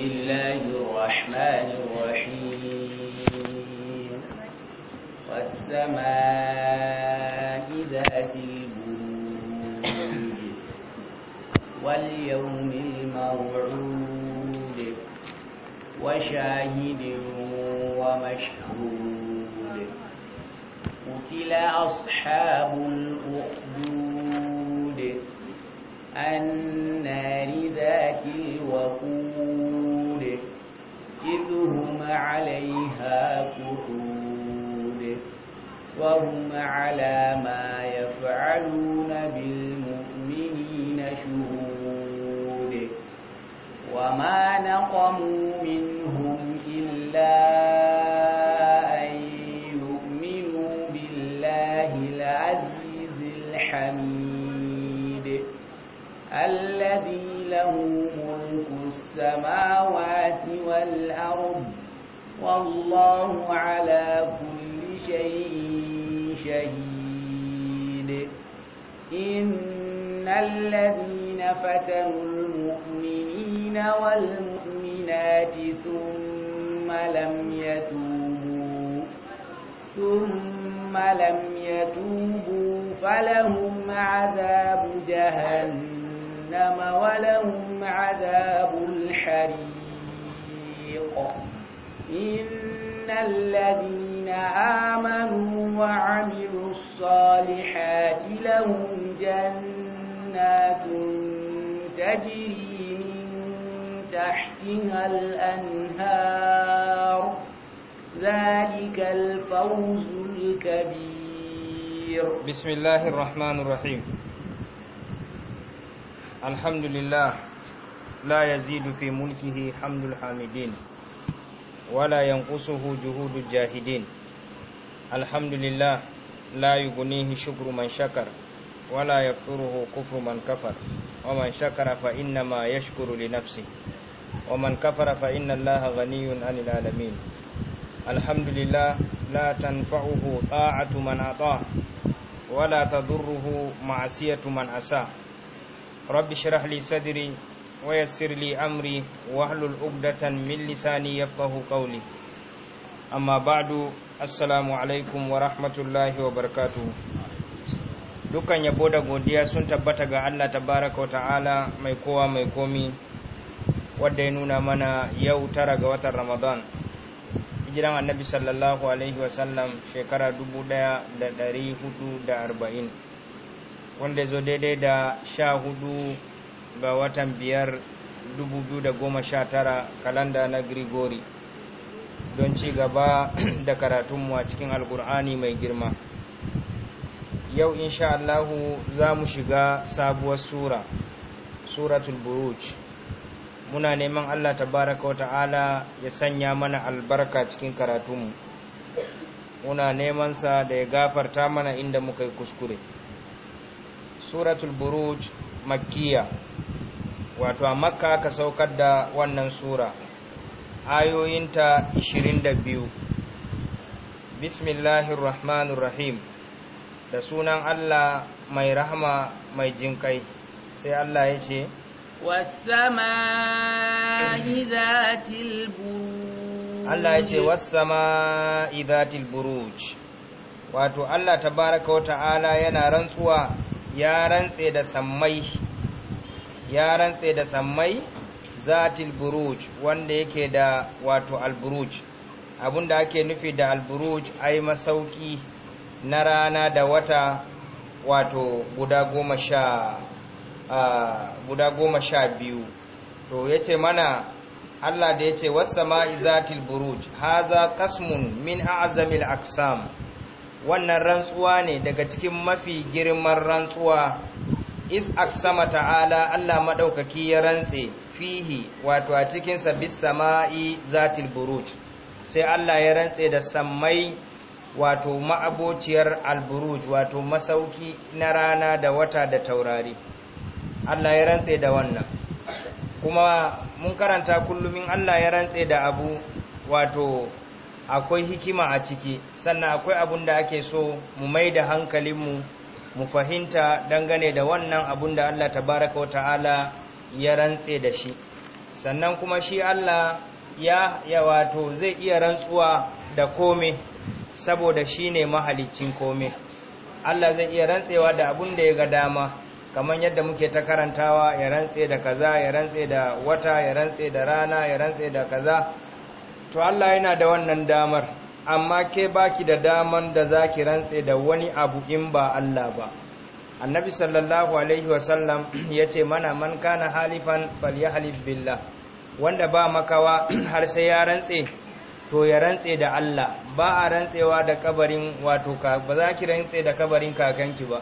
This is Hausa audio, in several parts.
الله الرحمن الرحيم والسماء ذات البروج واليوم الموعود وشاهد ومشهود قتل أصحاب وهم على ما يفعلون بالمؤمنين شهود وما نقموا منهم إلا أن يؤمنوا بالله العزيز الحميد الذي له ملك السماوات والأرض والله إن الذين فتنوا المؤمنين والمؤمنات ثم لم يتوبوا ثم لم يتوبوا فلهم عذاب جهنم ولهم عذاب الحريق إن الذين آمنوا وعملوا الصالحات لهم جنات تجري من تحتها الأنهار ذلك الفوز الكبير بسم الله الرحمن الرحيم الحمد لله لا يزيد في ملكه حمد الحامدين ولا ينقصه جهود الجاهدين الحمد لله لا يغنيه شكر من شكر ولا يكفره كفر من كفر ومن شكر فإنما يشكر لنفسه ومن كفر فإن الله غني عن العالمين الحمد لله لا تنفعه طاعة من أطاع ولا تضره معصية من أساء رب اشرح لي صدري ويسر لي أمري واحلل عقدة من لساني يفقه قولي أما بعد السلام عليكم ورحمة الله وبركاته dukkan yabo da godiya sun tabbata ga Allah tabaraka ta'ala mai kowa mai komi wanda ya nuna mana yau tara ga watan Ramadan hijiran annabi sallallahu alaihi wasallam shekara 1440 wanda zo daidai da sha ga watan biyar 2019 kalanda na Gregory don ci gaba da karatunmu a cikin alkur'ani mai girma yau insha Allahu za mu shiga sabuwar sura suratul buruj muna neman Allah tabaraka wa ta'ala ya sanya mana albarka cikin karatunmu muna neman sa da ya gafarta mana inda muka yi kuskure suratul buruj makkiya wato a makka aka saukar da wannan sura ayoyinta 22 bismillahir rahmanir rahim da sunan Allah mai rahama mai jinkai sai Allah ya ce Allah ya ce wasama'i zatil buruj wato Allah tabaraka wa ta'ala yana rantsuwa ya rantse da sammai ya rantse da sammai zatil buruj wanda yake da wato alburuj abinda ake nufi da alburuj ai masauki na rana da wata wato guda goma sha biyu to ya ce mana Allah da ya ce wasama izatil buruj haza kasmun min a'zamil aksam wannan rantsuwa ne daga cikin mafi girman rantsuwa is aksama ta'ala Allah maɗaukaki ya rantse fihi wato a cikinsa bisa sama'i zatil buruj sai Allah ya rantse da sammai wato ma'abociyar alburuj wato masauki na rana da wata da taurari Allah ya rantse da wannan kuma mun karanta kullumin Allah ya rantse da abu wato akwai hikima a ciki sannan akwai abun da ake so mu mai da hankalinmu mu fahimta dangane da wannan abun da Allah tabaraka wa ta'ala ya rantse da shi sannan kuma shi Allah ya ya wato zai iya rantsuwa da komai. saboda shi ne mahalicin kome Allah zai iya rantsewa da abun da ya ga dama kamar yadda muke ta karantawa ya rantse da kaza ya rantse da wata ya rantse da rana ya rantse da kaza to Allah yana da wannan damar amma ke baki da daman da za ki rantse da wani abu in ba Allah ba annabi sallallahu alaihi wasallam ya ce mana man kana halifan halif billah wanda ba makawa har sai ya rantse to ya rantse da Allah ba a rantsewa da kabarin wato ka ba za ki rantse da kabarin kakanki ba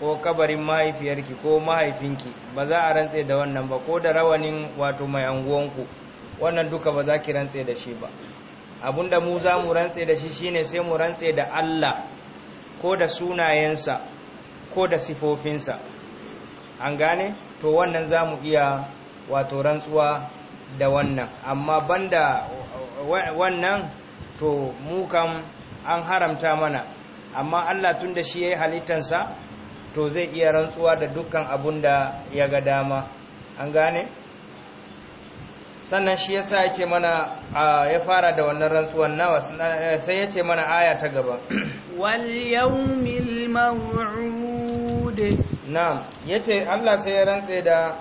ko kabarin mahaifiyarki ko mahaifinki ba za a rantse da wannan ba ko da rawanin wato mai anguwanku wannan duka ba za ki rantse da shi ba abinda mu za mu rantse da shi shine sai mu rantse da Allah ko da sunayensa ko da sifofinsa an gane to wannan za mu iya wato rantsuwa da wannan amma banda wannan to mu an haramta mana amma Allah tun da shi ya yi halittansa to zai iya rantsuwa da dukkan abun da ya ga dama an gane sannan shi yasa sa mana ya fara da wannan rantsuwan nawa eh, sai ya ce mana aya ta gaba wal yawmil maw'ud na'am yace Allah sai ya rantse da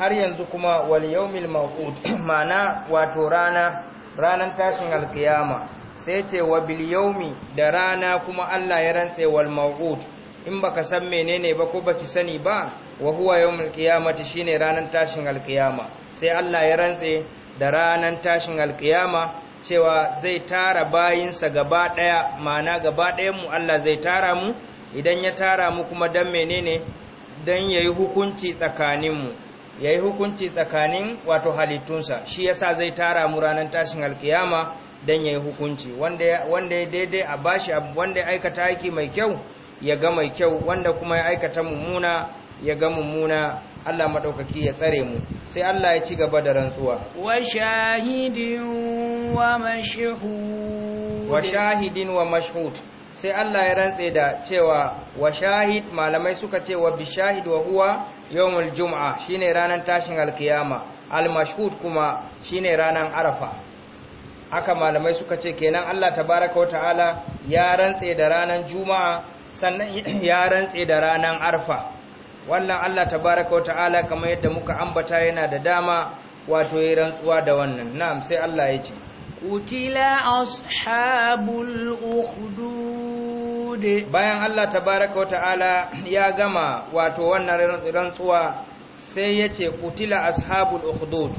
har yanzu kuma wal yawmil maw'ud ma'ana wato rana Ranan tashin alkiyama sai ce wa bilyaumi da rana kuma Allah ya rantse wal maw'ud in baka san menene ba ko baki sani ba wa huwa yawmul qiyamati shine ranan tashin alkiyama sai Allah ya rantse da ranan tashin alkiyama cewa zai tara bayinsa gaba daya mana gaba dayan mu Allah zai tara mu idan ya tara mu kuma dan menene dan yayi hukunci tsakaninmu mu ya yi hukunci tsakanin wato halittunsa shi yasa zai tara mu ranar tashin alkiyama don ya yi hukunci wanda ya daidai a bashi wanda ya aikata aiki mai kyau ya ga mai kyau wanda kuma ya aikata mummuna ya ga mummuna Allah maɗaukaki ya tsare mu sai Allah ya ci gaba da rantsuwa wa shahidin wa mashhud wa shahidin wa mashhud sai Allah ya rantse da cewa wa shahid malamai suka ce wa bishahid wa huwa yawmul jum'a shine ranan tashin alkiyama almashhud kuma shine ranan arafa haka malamai suka ce kenan Allah tabaraka ta'ala ya rantse da ranan juma'a sannan ya rantse da ranar arafa wannan Allah tabaraka ta'ala kamar yadda muka ambata yana da dama wato yi rantsuwa da wannan na'am sai Allah ya ce qutila ashabul ukhdud bayan Allah tabaraka wa ta'ala ya gama wato wannan rantsuwa sai ya ce kutila ashabul ukhdud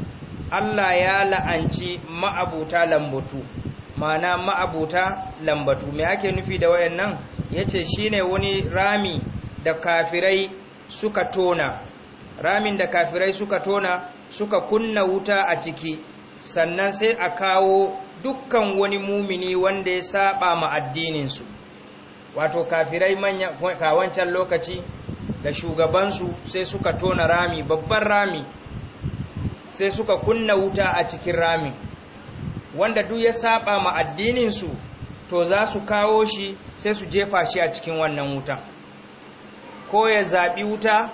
Allah ya la'anci ma'abuta lambatu ma'ana ma'abuta lambatu me ake nufi da wayannan yace shine wani rami da kafirai suka tona ramin da kafirai suka tona suka kunna wuta a ciki sannan sai a kawo dukkan wani mumini wanda ya saba ma addininsu wato kafirai manya ka wancan lokaci da shugabansu sai suka tona rami babban rami sai suka kunna wuta a cikin rami wanda duk ya saba ma addininsu to za su kawo shi sai su jefa shi a cikin wannan wuta. ko ya zaɓi wuta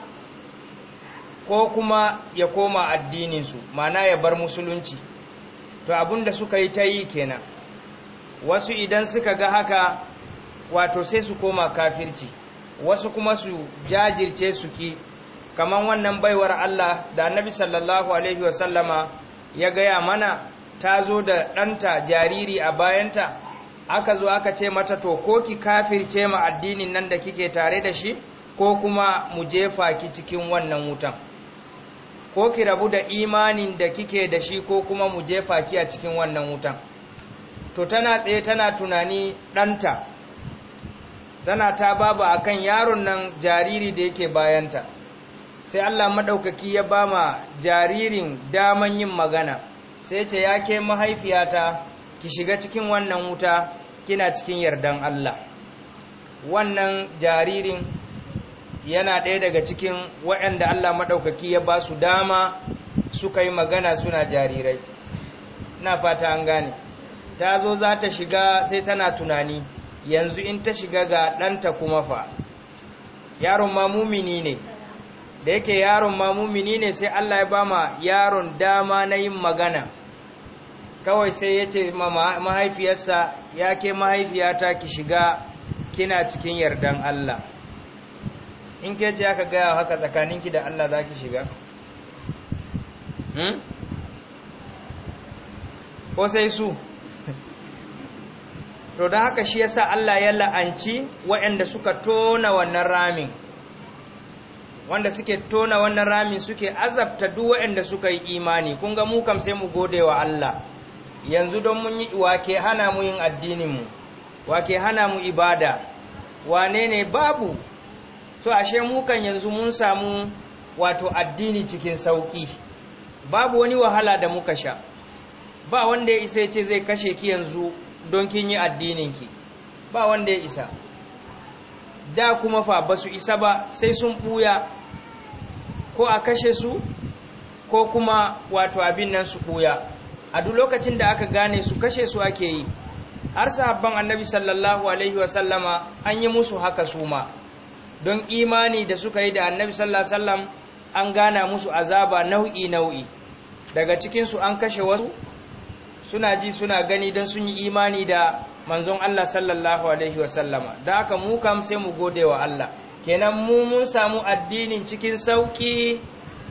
ko kuma ya koma addininsu mana ya bar musulunci to abinda suka yi ta yi kenan wasu idan suka ga haka wato sai su koma kafirci wasu kuma su jajirce su ki kaman wannan baiwar Allah da annabi sallallahu alaihi wasallama ya gaya mana ta zo da ɗanta jariri a bayanta aka zo aka ce mata to ko ki kafirce ma addinin nan da kike tare da shi ko kuma mu jefa ki cikin wannan wutan ko ki rabu da imanin da kike da shi ko kuma mu jefa ki a cikin wannan wutan to tana tsaye tana tunani ɗanta tana ta baba kan yaron nan jariri da yake bayanta sai Allah maɗaukaki ya bama jaririn daman yin magana sai ce ya ke mahaifiyata ki shiga cikin wannan wuta kina cikin yardan Allah wannan jaririn yana ɗaya daga cikin waɗanda Allah maɗaukaki ya ba su dama suka yi magana suna jarirai na fata an gane ta zo za ta shiga sai tana tunani yanzu in ta shiga ga ɗanta kuma fa yaron ma mumini ne da yake yaron ma mumini ne sai Allah ya ba ma yaron dama na yin magana kawai sai ya ce mahaifiyarsa ya ke mahaifiyata ki shiga kina cikin yardan Allah in ke ce aka gaya haka tsakaninki da Allah za ki shiga hmm? ko sai su to don haka shi yasa Allah ya la'anci waɗanda suka tona wannan ramin wanda suke tona wannan ramin suke azabta duk waɗanda suka yi imani kun ga mu kam sai mu gode wa Allah yanzu don mun yi wake hana mu yin addinin mu wake hana mu ibada wane ne babu to ashe mu kan yanzu mun samu wato addini cikin sauki babu wani wahala da muka sha ba wanda ya isa ce zai kashe ki yanzu don kin yi addininki ba wanda ya isa da kuma fa ba su isa ba sai sun buya ko a kashe su ko kuma wato abin nan su buya a duk lokacin da aka gane su kashe su ake yi har sahabban annabi sallallahu alaihi wasallama an yi musu haka su ma don imani da suka yi da annabi sallallahu alaihi wasallam an gana musu azaba nau'i nau'i daga cikinsu an kashe wasu suna ji suna gani don sun yi imani da manzon Allah sallallahu alaihi wasallama da aka mu kam sai mu gode wa Allah kenan mu mun samu addinin cikin sauki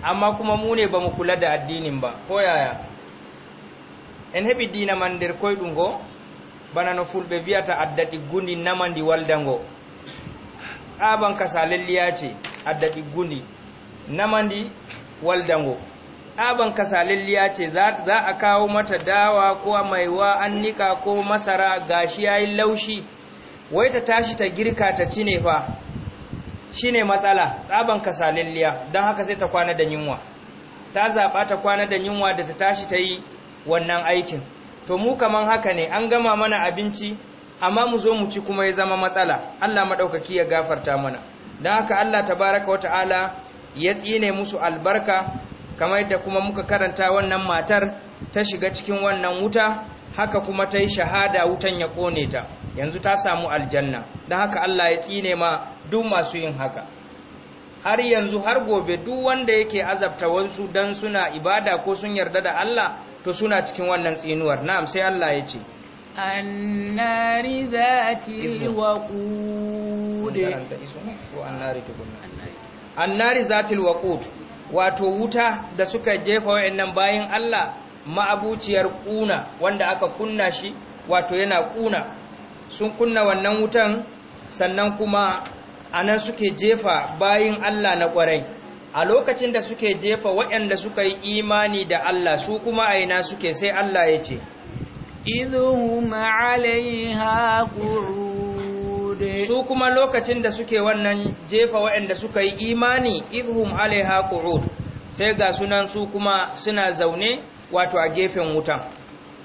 amma kuma mu ne ba mu kula da addinin ba ko yaya en heɓi dina man nder koi bana no fulɓe biyata addaɗi gundi namandi walda waldango, aban kasa lalliya ce addaɗi gundi namandi walda waldango. tsaban kasalalliya ce za a kawo mata dawa ko maiwa annika nika ko masara gashi yayin laushi wai ta tashi ta girka ta cine fa shine matsala tsaban kasalalliya don haka sai ta kwana da yunwa ta zaɓa ta kwana da yunwa da ta tashi ta yi wannan aikin to mu kaman haka ne an gama mana abinci amma mu zo mu ci kuma ya zama matsala Allah madaukaki ya gafarta mana don haka Allah tabaraka wata'ala ya tsine musu albarka kamar yadda kuma muka karanta wannan matar ta shiga cikin wannan wuta haka kuma ta yi shahada wutan ya kone ta yanzu ta samu aljanna don haka Allah ya tsine ma duk masu yin haka har yanzu har gobe duk wanda yake azabta wasu don suna ibada ko sun yarda da Allah to suna cikin wannan tsinuwar na'am sai Allah ya ce annari zatil waqud annari wato wuta da suka jefa wayannan bayan Allah ma'abuciyar kuna wanda aka kunna shi wato yana kuna sun kunna wannan wutan sannan kuma anan suke jefa bayan Allah na kwarai a lokacin da suke jefa waɗanda suka yi imani da Allah su kuma a ina suke sai Allah ya ce idhum ma'alaiha qur su kuma lokacin da suke wannan jefa waɗanda suka yi imani ifhum alaiha qu'ud sai ga sunan su kuma suna zaune wato a gefen wutan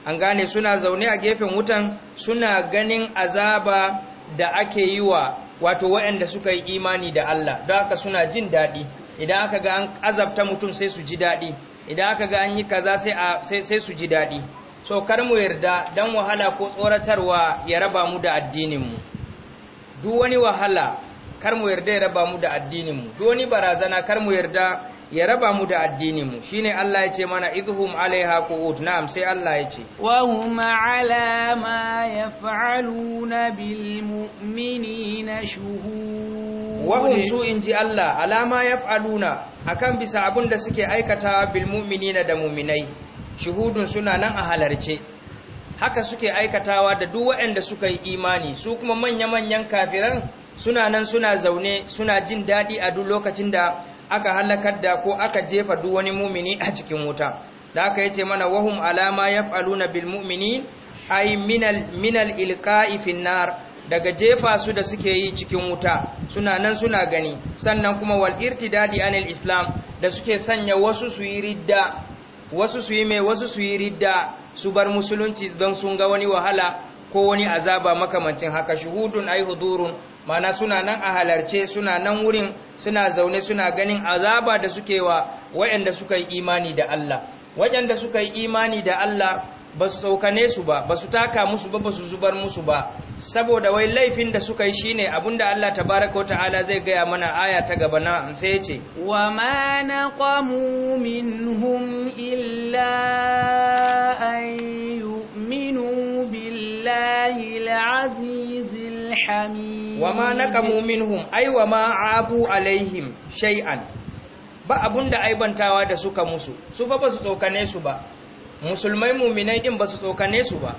an gane suna zaune a gefen wutan suna ganin azaba da ake yi wa wato waɗanda suka yi imani da Allah don haka suna jin daɗi idan aka ga an azabta mutum sai su ji daɗi idan aka ga an yi kaza sai sai su ji daɗi so kar mu yarda dan wahala ko tsoratarwa ya raba mu da addinin mu duk wani wahala kar mu yarda ya raba mu da addinin mu duk wani barazana kar mu yarda ya raba mu da addinin mu shine Allah ya ce mana idhum alaiha qu'ud na'am sai Allah ya ce wa hum ala ma yaf'aluna bil mu'minina shuhud wa hum su inji Allah alama yaf'aluna akan bisa abin da suke aikata bil mu'minina da mu'minai shuhudun suna nan a halarce haka suke aikatawa da duk waɗanda suka yi imani su kuma manya-manyan kafiran suna nan suna zaune suna jin daɗi a duk lokacin da aka halakar da ko aka jefa duk wani mumini a cikin wuta da aka yace mana wahum alama yaf'aluna bil mu'mini ay minal minal ilqa'i fin nar daga jefa su da suke yi cikin wuta suna nan suna gani sannan kuma wal irtidadi anil islam da suke sanya wasu su yi ridda wasu su yi mai wasu su yi ridda su bar musulunci don sun ga wani wahala ko wani azaba makamancin haka shuhudun ai hudurun mana suna nan a halarce suna nan wurin suna zaune suna ganin azaba da suke wa wayanda suka yi imani da Allah waɗanda suka yi imani da Allah ba su tsokane su ba ba su taka musu ba ba su zubar musu ba saboda wai laifin da suka yi shine abinda Allah tabaraka wa ta'ala zai gaya mana aya ta gaba na sai yace wa ma naqamu minhum illa an yu'minu billahi al-azizil hamid wa ma naqamu minhum ay wa ma abu alaihim shay'an ba abunda aibantawa da suka musu su fa ba su tsokane su ba musulmai muminai din ba su tsokane su ba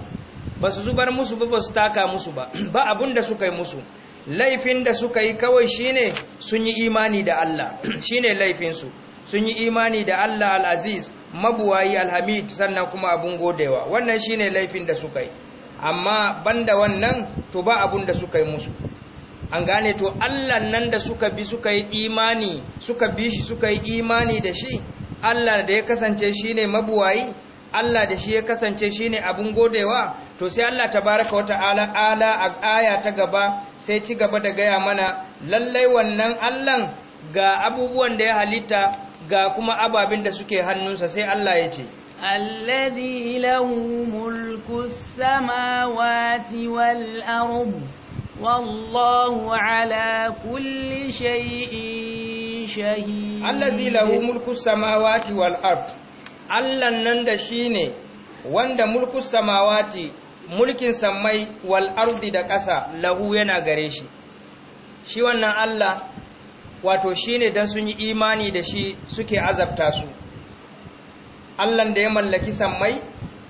ba su zubar musu ba su taka musu ba ba abun da suka yi musu laifin da suka yi kawai shine sun yi imani da Allah shine su sun yi imani da Allah al-Aziz mabuwayi al-Hamid sannan kuma abun godewa wannan shine laifin da suka yi amma banda wannan to ba abun da suka yi musu an gane to Allah nan da suka bi suka yi imani suka bi shi suka yi imani da shi Allah da ya kasance shine mabuwayi Allah da shi ya kasance shi ne abin godewa to sai Allah ta baraka wata ala a aya ta gaba sai ci gaba da gaya mana lallai wannan Allahn ga abubuwan da ya halitta ga kuma ababin da suke hannunsa sai Allah ya ce alladhi lahu mulku samawati wal wallahu ala kulli shay'in shahid lahu mulku samawati wal Allahn nan da shi ne wanda mulkus samawati mulkin sammai wal ardi da ƙasa lahu yana gare shi shi wannan Allah wato shi ne don sun yi imani da shi suke azabta su Allahn da ya mallaki sammai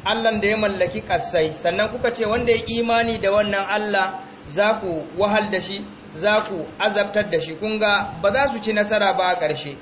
Allahn da ya mallaki ƙasai sannan kuka ce wanda ya imani da wannan Allah za ku wahal da shi za ku azabtar da shi kunga ba za su ci nasara ba a ƙarshe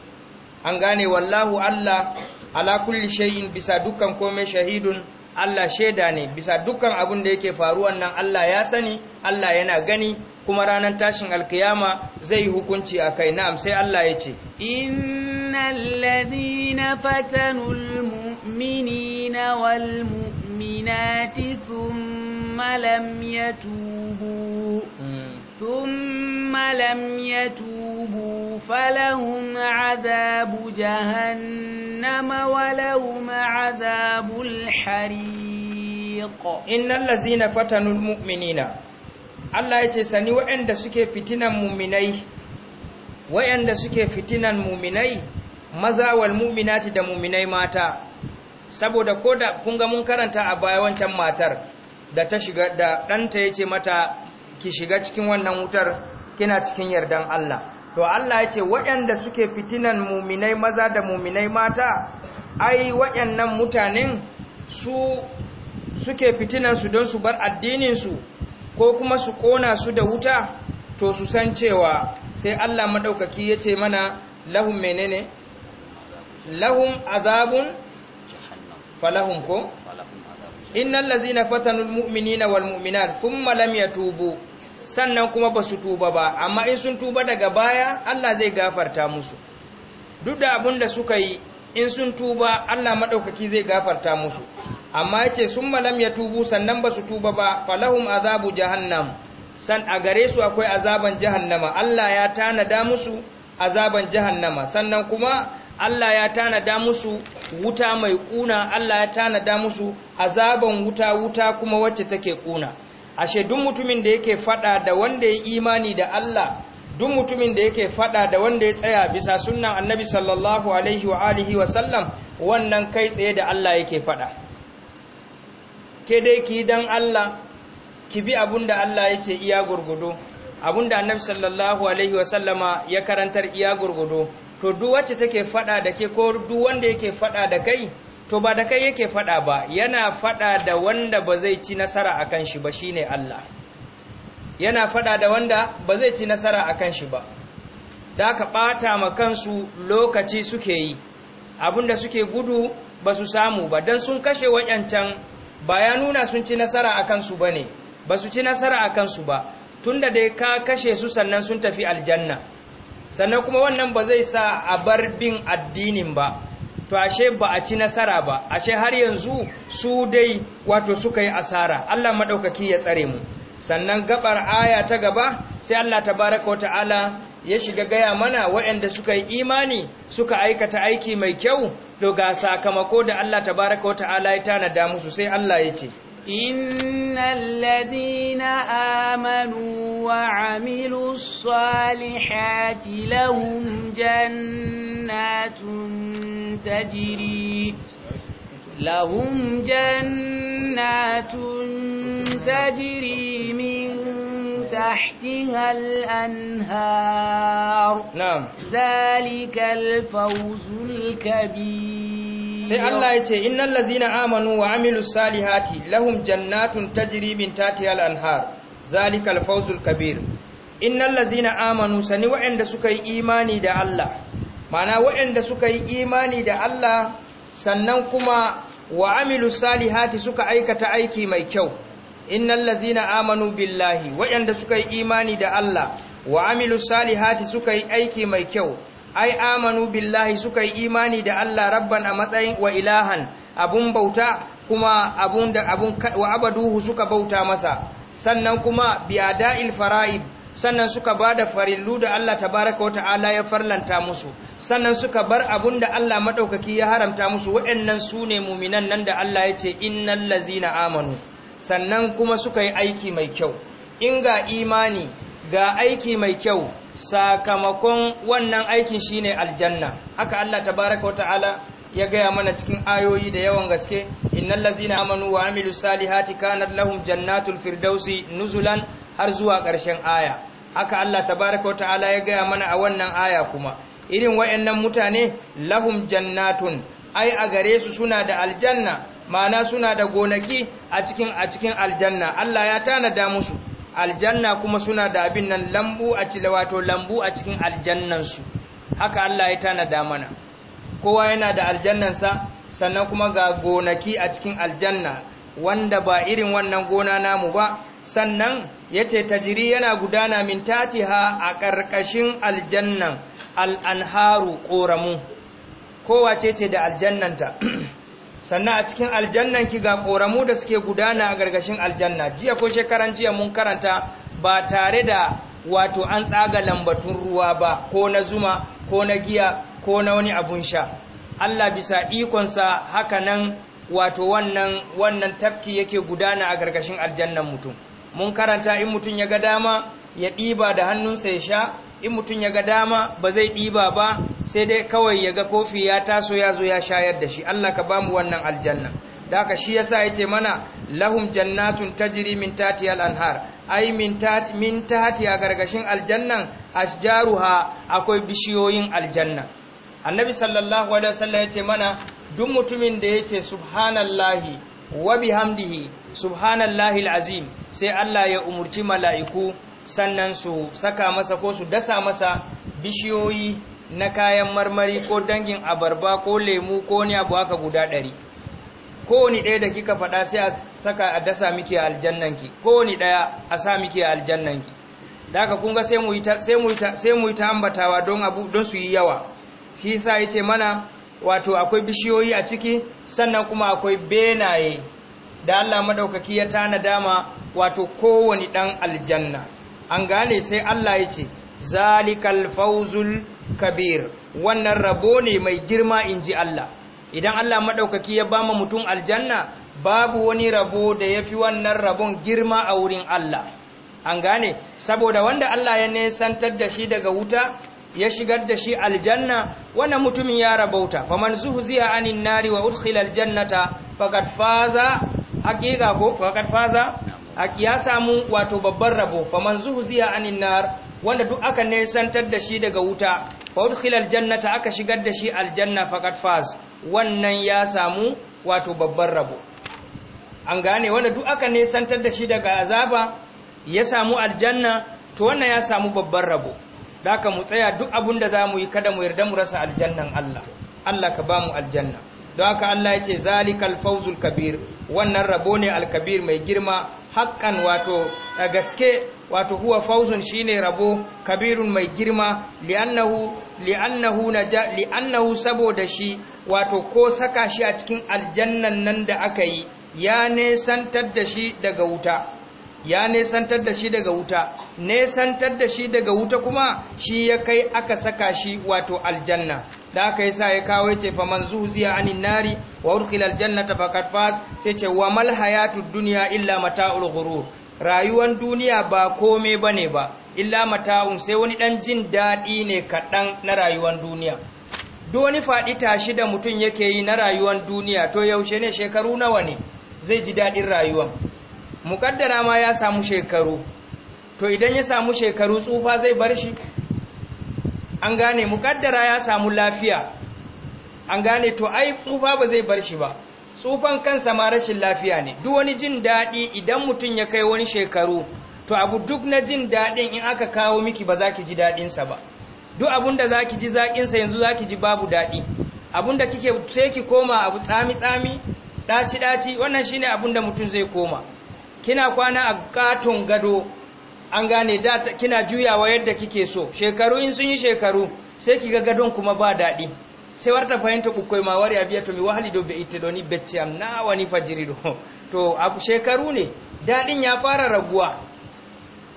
an gane wallahu Allah ala kulli shay'in bisa dukkan komai shahidun Allah shaida ne bisa dukkan abin da yake faruwan nan Allah ya sani Allah yana gani kuma ranar tashin alkiyama zai hukunci a kai na'am sai Allah ya ce innal ladina fatanul mu'minina wal mu'minati thumma lam yatubu hmm. thumma ثم لم يتوبوا فلهم عذاب جهنم ولهم عذاب الحريق إن الذين فتنوا المؤمنين Allah ya ce sani waɗanda suke fitinan muminai suke fitinan maza wal muminati da muminai mata saboda ko da kun ga mun karanta a baya wancan matar da ta shiga da ɗanta ya ce mata ki shiga cikin wannan wutar kina cikin yardan Allah to Allah ya ce waɗanda suke fitinan muminai maza da muminai mata ai waɗannan mutanen su suke fitinan su don su bar addinin su ko kuma su kona su da wuta to su san cewa sai Allah madaukaki ya ce mana lahum menene lahum azabun falahum ko innal ladzina fatanul mu'minina wal mu'minat thumma lam yatubu sannan kuma ba su tuba ba amma in sun tuba daga baya Allah zai gafarta musu duk da abin da suka yi in sun tuba Allah maɗaukaki zai gafarta musu amma yace sun malam ya tubu sannan ba su tuba ba falahum azabu jahannam san a gare su akwai azaban jahannama Allah ya tanada musu azaban jahannama sannan kuma Allah ya tanada musu wuta mai kuna Allah ya tanada musu azaban wuta wuta kuma wacce take kuna ashe duk mutumin da yake fada da wanda ya imani da Allah duk mutumin da yake fada da wanda ya tsaya bisa sunnan annabi sallallahu alaihi wa alihi wa sallam wannan kai tsaye da Allah yake fada ke dai ki dan Allah ki bi abunda Allah yace iya gurgudo abunda annabi sallallahu alaihi wa sallama ya karantar iya gurgudo to duk wacce take fada da ke ko duk wanda yake fada da kai to ba da kai yake fada ba yana fada da wanda ba zai ci nasara akan shi ba shine Allah yana fada da wanda ba zai ci nasara akan shi ba da ka bata ma kansu lokaci suke yi abinda suke gudu ba su samu ba dan sun kashe wayancan ba ya nuna sun ci nasara akan su bane ba su ci nasara akan su ba tunda dai ka kashe su sannan sun tafi aljanna sannan kuma wannan ba zai sa a bar bin addinin ba to ashe ba a ci nasara ba ashe har yanzu su dai wato suka yi asara Allah madaukaki ya tsare mu sannan gabar aya ta gaba sai Allah tabaraka wataala ya shiga gaya mana waɗanda suka yi imani suka aikata aiki mai kyau to ga sakamako da Allah tabaraka wataala ya tanada musu sai Allah ya ce إن الذين آمنوا وعملوا الصالحات لهم جنات تجري لهم جنات تجري من تحتها الأنهار نعم ذلك الفوز الكبير sai Allah ya ce innal ladzina amanu wa amilus salihati lahum jannatun tajri min tahtiha al-anhar zalikal fawzul kabir innal ladzina amanu sani wa'anda suka yi imani da Allah mana wa'anda suka yi imani da Allah sannan kuma wa amilus salihati suka aikata aiki mai kyau innal ladzina amanu billahi wa'anda suka yi imani da Allah wa amilus salihati suka yi aiki mai kyau ai amanu billahi suka yi imani da Allah rabban a matsayin wa ilahan abun bauta kuma abun da abun wa abaduhu suka bauta masa sannan kuma biada'il fara'id sannan suka bada farillu da Allah tabaraka wa ta'ala ya farlanta musu sannan suka bar abun da Allah madaukaki ya haramta musu waɗannan sune mu'minan nan da Allah ya ce innal ladzina amanu sannan kuma suka yi aiki mai kyau in ga imani ga aiki mai kyau sakamakon wannan aikin shine aljanna haka Allah tabaraka wa ta'ala ya gaya mana cikin ayoyi da yawan gaske innal ladzina amanu wa amilus salihati kanat lahum jannatul firdausi nuzulan har zuwa ƙarshen aya haka Allah tabaraka wa ta'ala ya gaya mana a wannan aya kuma irin wayannan mutane lahum jannatun ai a gare su suna da aljanna ma'ana suna da gonaki a cikin a cikin aljanna Allah ya tanada musu aljanna kuma suna da abin nan lambu a cile wato lambu a cikin aljannansu haka Allah ya tanada mana kowa yana da aljannansa sannan kuma ga gonaki a cikin aljanna wanda ba irin wannan gona namu ba sannan yace tajiri yana gudana min tatiha a ƙarƙashin aljannan al'anharu ƙoramu kowace ce da aljannanta sannan a cikin aljannan ki ga koramu da suke gudana a gargashin aljanna jiya ko shekaran jiya mun karanta ba tare da wato an tsaga lambatun ruwa ba ko na zuma ko na giya ko na wani abun sha Allah bisa ikonsa haka nan wato wannan wannan tafki yake gudana a gargashin aljannan mutum mun karanta in mutum ya ga dama ya ɗiba da hannunsa ya sha in mutum ya ga dama ba zai ɗiba ba sai dai kawai ya ga kofi ya taso ya zo ya shayar da shi Allah ka bamu wannan aljanna da shi yasa yace mana lahum jannatun tajri min tati al-anhar ay min tati min tati a gargashin aljannan asjaruha akwai bishiyoyin aljanna annabi sallallahu alaihi wasallam yace mana duk mutumin da yace subhanallahi wa bihamdihi subhanallahi al-azim sai Allah ya umurci mala'iku sannan su saka masa ko su dasa masa bishiyoyi na kayan marmari ko dangin abarba ko lemu ko ni abu haka guda ɗari kowane ɗaya da kika faɗa sai a saka a dasa miki a aljannanki kowane ɗaya a sa miki a aljannanki da ka kunga sai mu yi ta ambatawa don su yi yawa shi sa ya ce mana wato akwai bishiyoyi a ciki sannan kuma akwai benaye da Allah madaukaki ya tana dama wato kowane ɗan aljanna an gane sai Allah ya ce zalikal fawzul kabir wannan rabo ne mai girma in ji Allah idan Allah maɗaukaki ya bama mutum aljanna babu wani rabo da yafi wannan rabon girma a wurin Allah an gane saboda wanda Allah ya nesantar da shi daga wuta ya shigar da shi aljanna wannan mutumin ya rabauta man zuhziya anin nari wa udkhila aljannata faqad faza haqiqa ko faqad faza ya samu wato babban rabo faman zuhziya anin nar wanda duk aka nesantar da shi daga wuta fa udkhila aljannata aka shigar da shi aljanna faqad faz wannan ya samu wato babban rabo an gane wanda duk aka nesantar da shi daga azaba ya samu aljanna to wannan ya samu babban rabo daka mu tsaya duk abun da zamu yi kada mu yarda mu rasa aljannan Allah Allah ka bamu aljanna don haka Allah ya ce zalikal fawzul kabir wannan rabo ne alkabir mai girma haƙƙan wato eh, gaske wato huwa fauzun shine rabo kabirun mai girma li'annahu li'annahu naja li'annahu saboda shi wato ko saka shi a cikin aljannan nan da aka yi ya nesantar da shi daga wuta ya nesantar da shi daga wuta nesantar da shi daga wuta kuma shi ya kai aka saka shi wato aljanna da aka yi sa ya kawo ce fa man zuziya anin nari wa udkhila aljannata faqad fas sai ce wa mal hayatud dunya illa mata'ul ghurur rayuwan duniya ba komai bane ba illa mata'un sai wani dan jin dadi ne kadan na rayuwan duniya duk wani fadi tashi da mutun yake yi na rayuwan duniya to yaushe ne shekaru nawa ne zai ji dadin rayuwa? mukaddara ma ya samu shekaru to idan ya samu shekaru tsufa zai bar shi an gane mukaddara ya samu lafiya an gane to ai tsufa ba zai bar shi ba tsufan kansa ma rashin lafiya ne duk wani jin daɗi idan mutum ya kai wani shekaru to abu duk na jin daɗin in aka kawo miki ba za ki ji daɗinsa ba duk abun da za ki ji zaƙinsa yanzu za ki ji babu daɗi abun da kike sai ki koma abu tsami-tsami ɗaci-ɗaci wannan shine abun da mutum zai koma kina kwana a katon gado an gane da kina juyawa yadda kike so shekaru in sun yi shekaru sai kiga gadon kuma ba daɗi sai warta fahimta ɓukkoi ma wari a biya to mi wahali do be itte do ni becce na wani fajiri do. to a shekaru ne daɗin ya fara raguwa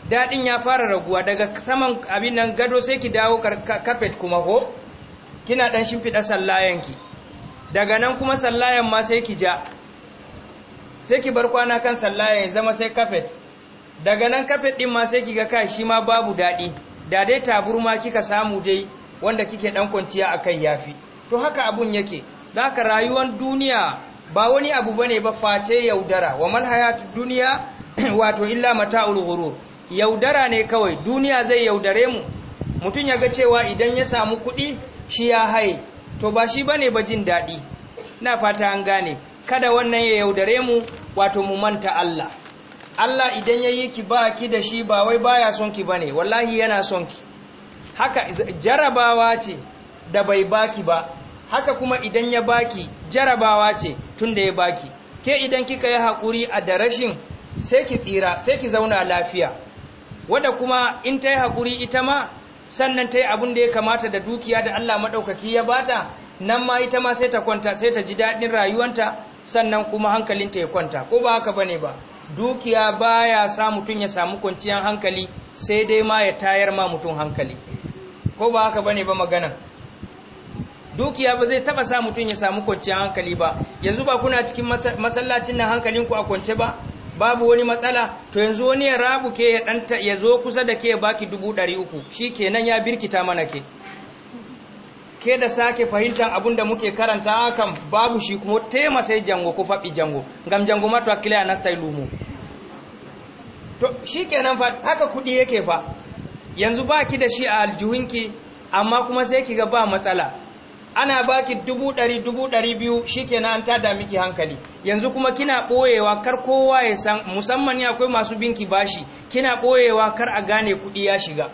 dadin ya fara raguwa daga saman abin nan gado sai ki dawo kafet kuma ho kina ɗan shimfiɗa ki daga nan kuma sallayan ma sai ki ja sai ki bar kwana kan sallaya zama sai kafet daga nan kafe ɗin ma sai kiga kai shi ma babu daɗi da dai taburma kika samu dai wanda kike ɗan kwanciya a ya yafi to haka abun yake zaka rayuwar duniya ba wani abu bane ba face yaudara wa man hayatu duniya wato illa mata'ul ghurur yaudara ne kawai duniya zai yaudare mu mutum ya ga cewa idan ya samu kuɗi shi ya haye to ba shi bane ba jin daɗi na fata an gane kada wannan ya yaudare mu wato mu manta Allah Allah idan ya yi ki ba ki da shi ba wai baya son ki ba ne wallahi yana son ki haka jarabawa ce da bai baki ba haka kuma idan ya baki jarabawa ce tun da ya baki ke idan kika yi hakuri a darashin sai ki tsira sai ki zauna lafiya wada kuma in ta yi haƙuri ita ma sannan ta yi abin da ya kamata da dukiya da Allah maɗaukaki ya bata nan ma ita ma sai ta kwanta sai ta ji daɗin rayuwanta sannan kuma hankalinta ya kwanta ko ba haka bane ba dukiya baya sa mutum ya samu kwanciyar hankali sai dai ma ya tayar ma mutum hankali ko ba haka bane ba magana dukiya ba zai taba sa mutum ya samu kwanciyar hankali ba yanzu ba kuna cikin masallacin nan ku a kwance ba babu wani matsala to yanzu wani ya rabu ke ya zo kusa da ke ya baki dubu ɗari uku shi kenan ya birkita mana ke ke da sake fahimtar abun da muke karanta kan babu shi kuma tema sai jango ko faɓi jango gam jango to akila ya stai lumu to shi kenan fa haka kuɗi yake fa yanzu ba ki da shi a aljuhunki amma kuma sai ki ga ba matsala ana baki dubu ɗari dubu ɗari biyu shi kenan an tada miki hankali yanzu kuma kina ɓoyewa kar kowa ya san musamman ni akwai masu binki bashi kina ɓoyewa kar a gane kuɗi ya shiga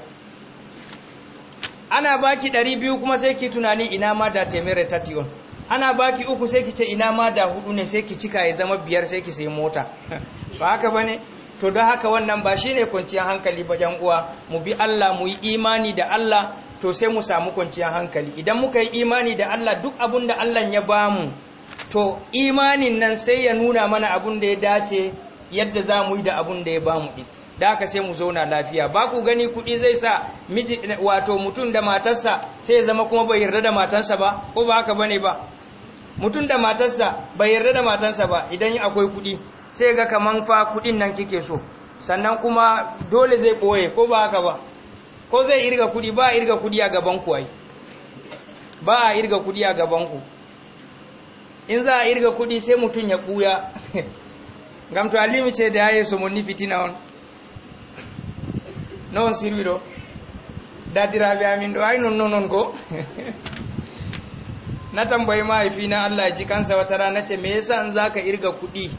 ana baki ɗari biyu kuma sai ki tunani ina ma da taimere tatiyon ana baki uku sai ki ce ina ma da hudu ne sai ki cika ya zama biyar sai ki sai mota ba haka ne? to don haka wannan ba shi ne kwanciyar hankali ba yan uwa mu bi Allah mu yi imani da Allah to sai mu samu kwanciyar hankali idan muka yi imani da Allah duk abun da Allah ya ba mu to imanin nan sai ya nuna mana abun da ya dace yadda za mu yi da abun da ya ba mu din da aka sai mu zauna lafiya ba ku gani kuɗi zai sa miji wato mutum da matarsa sai ya zama kuma bai yarda da matarsa ba ko ba haka bane ba mutum da matarsa bai yarda da matarsa ba idan akwai kuɗi sai ga kaman fa kuɗin nan kike so sannan kuma dole zai ɓoye ko ba haka ba ko zai irga kuɗi ba a irga kuɗi a gaban ku ai ba a irga kuɗi a gaban ku in za a irga kuɗi sai mutum ya ɓuya gamto alimi ce da ya yi su mun ni fitina wani non sirwiɗo dadiraɓe amin ɗo ay non noon ko natan boye mahaifina allah ji kansa wata rana ce me yasa an za ka irga kuɗi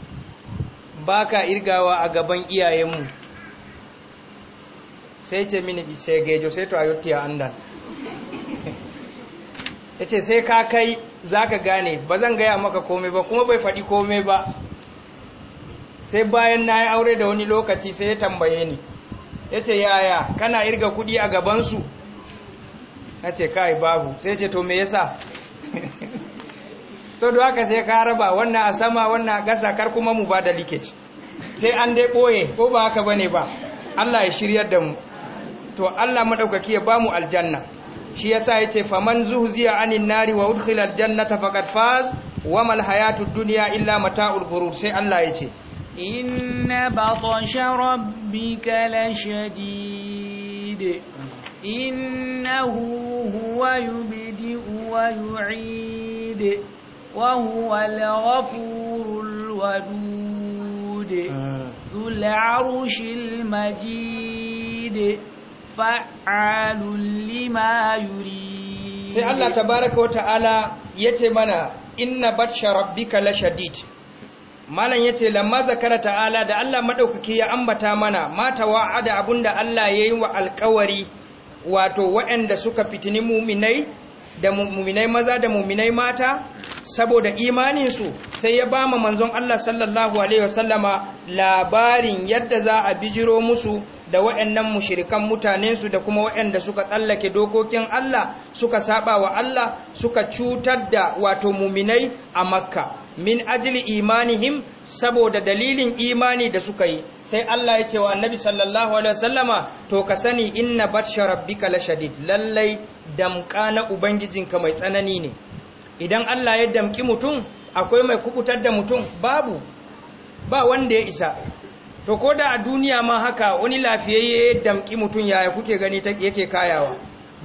ba ka irgawa a gaban iyayenmu sai ce mini segejo sai to a yotti a andan ya ce sai ka kai za ka gane ba zan gaya maka kome ba kuma bai faɗi kome ba sai bayan na yi aure da wani lokaci sai ya tambaye ni yace ce yaya kana irga kudi a gabansu na ce kai babu sai ce to me yasa so da haka sai ka raba wannan a sama wannan a ƙasa kar kuma mu ba da leakage sai an dai ɓoye ko ba haka bane ba Allah ya shiryar da mu to Allah maɗaukaki ya bamu aljanna shi yasa yace faman zuhziya anin nari wa udkhila jannata faqad faz wa mal hayatud dunya illa mata'ul ghurur sai Allah yace إن بطش ربك لشديد إنه هو يبدئ ويعيد وهو الغفور الودود ذو العرش المجيد فعال لما يريد سي الله تبارك وتعالى يتمنى إن بطش ربك لشديد malam yace lamma zakara ta'ala da Allah madaukaki ya ambata mana mata wa'ada abunda Allah yi wa alƙawari wato wa'anda suka fitini muminai da muminai maza da muminai mata saboda imaninsu sai ya bama manzon Allah sallallahu alaihi wasallama labarin yadda za a bijiro musu da waɗannan shirikan mutanensu da kuma waɗanda suka tsallake dokokin Allah suka saba wa Allah suka cutar da wato muminai a Makka min ajli imanihim saboda dalilin imani da suka yi sai Allah ya ce wa annabi sallallahu alaihi wasallama to ka sani inna batsha rabbika lashadid lallai damka na ubangijinka mai tsanani ne idan Allah ya damki mutum akwai mai kubutar da mutum babu ba wanda ya isa to ko da a duniya ma haka wani lafiyayye ya damki mutum yaya kuke gani yake kayawa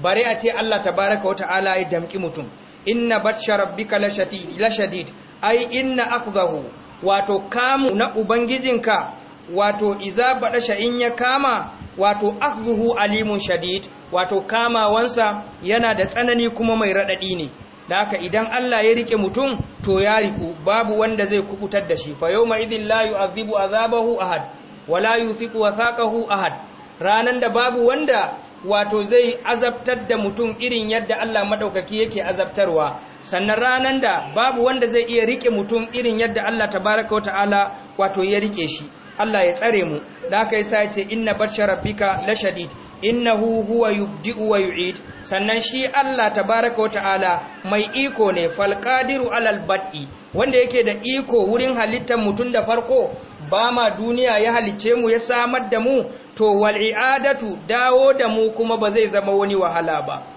bare a ce Allah tabaraka wata'ala ya damki mutum inna batsha rabbika lashadid ai inna akhdahu wato kamu na ubangijinka wato iza badasha in ya kama wato akhdahu alimun shadid wato kamawansa yana da tsanani kuma mai radadi ne da haka idan Allah ya rike mutum to ya riku babu wanda zai kubutar da shi fa yawma idhil la yu'adhibu azabahu ahad wala yuthiqu wathaqahu ahad ranan da babu wanda wato zai azabtar da mutum irin yadda Allah madaukaki yake azabtarwa sannan ranan da babu wanda zai iya rike mutum irin yadda Allah tabaraka wa wato ya rike shi Allah ya tsare mu da aka yasa ya ce inna batsha rabbika lashadid innahu huwa yubdi'u wa yu'id sannan shi Allah tabaraka wa mai iko ne Falkadiru alal bad'i wanda yake da iko wurin halittar mutum da farko ba ma duniya ya halice mu ya samar da mu to wal i'adatu dawo da mu kuma ba zai zama wani wahala ba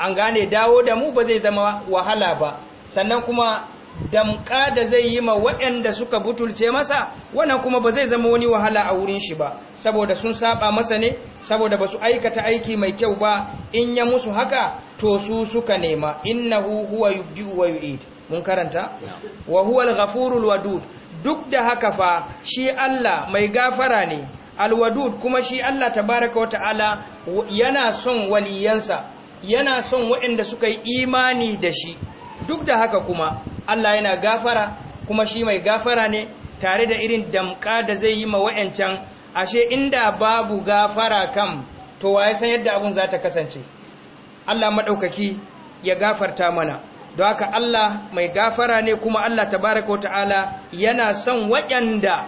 an gane dawo da mu ba zai zama wahala ba sannan kuma damƙa da zai yi ma waɗanda suka butulce masa wannan kuma ba zai zama wani wahala a wurin shi ba saboda sun saba masa ne saboda ba su aikata aiki mai kyau ba in ya musu haka to su suka nema innahu huwa yubdi'u wa yu'id mun karanta wa huwa al wadud duk da haka fa shi Allah mai gafara ne al-wadud kuma shi Allah tabaaraka wa ta'ala yana son waliyansa yana son waɗanda suka yi imani da shi duk da haka kuma Allah yana gafara kuma shi mai gafara ne tare da irin damka da zai yi ma waɗancan ashe inda babu gafara kam to waye san yadda abun za ta kasance Allah maɗaukaki ya gafarta mana don haka Allah mai gafara ne kuma Allah tabaraka ta'ala yana son waɗanda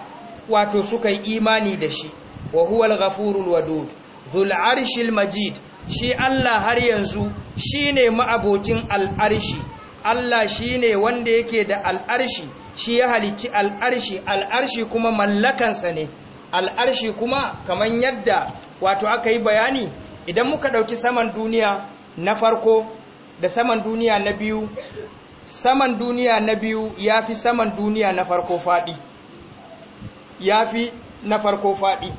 wato suka yi imani da shi wa huwal ghafurul wadud dhul arshil majid shi Allah har yanzu shine ma'abocin al'arshi Allah shine wanda yake da al'arshi shi ya halicci al'arshi al'arshi kuma mallakansa ne al'arshi kuma kamar yadda wato aka yi bayani idan muka ɗauki saman duniya na farko da saman duniya na biyu saman duniya na biyu ya fi saman duniya na farko faɗi ya na farko faɗi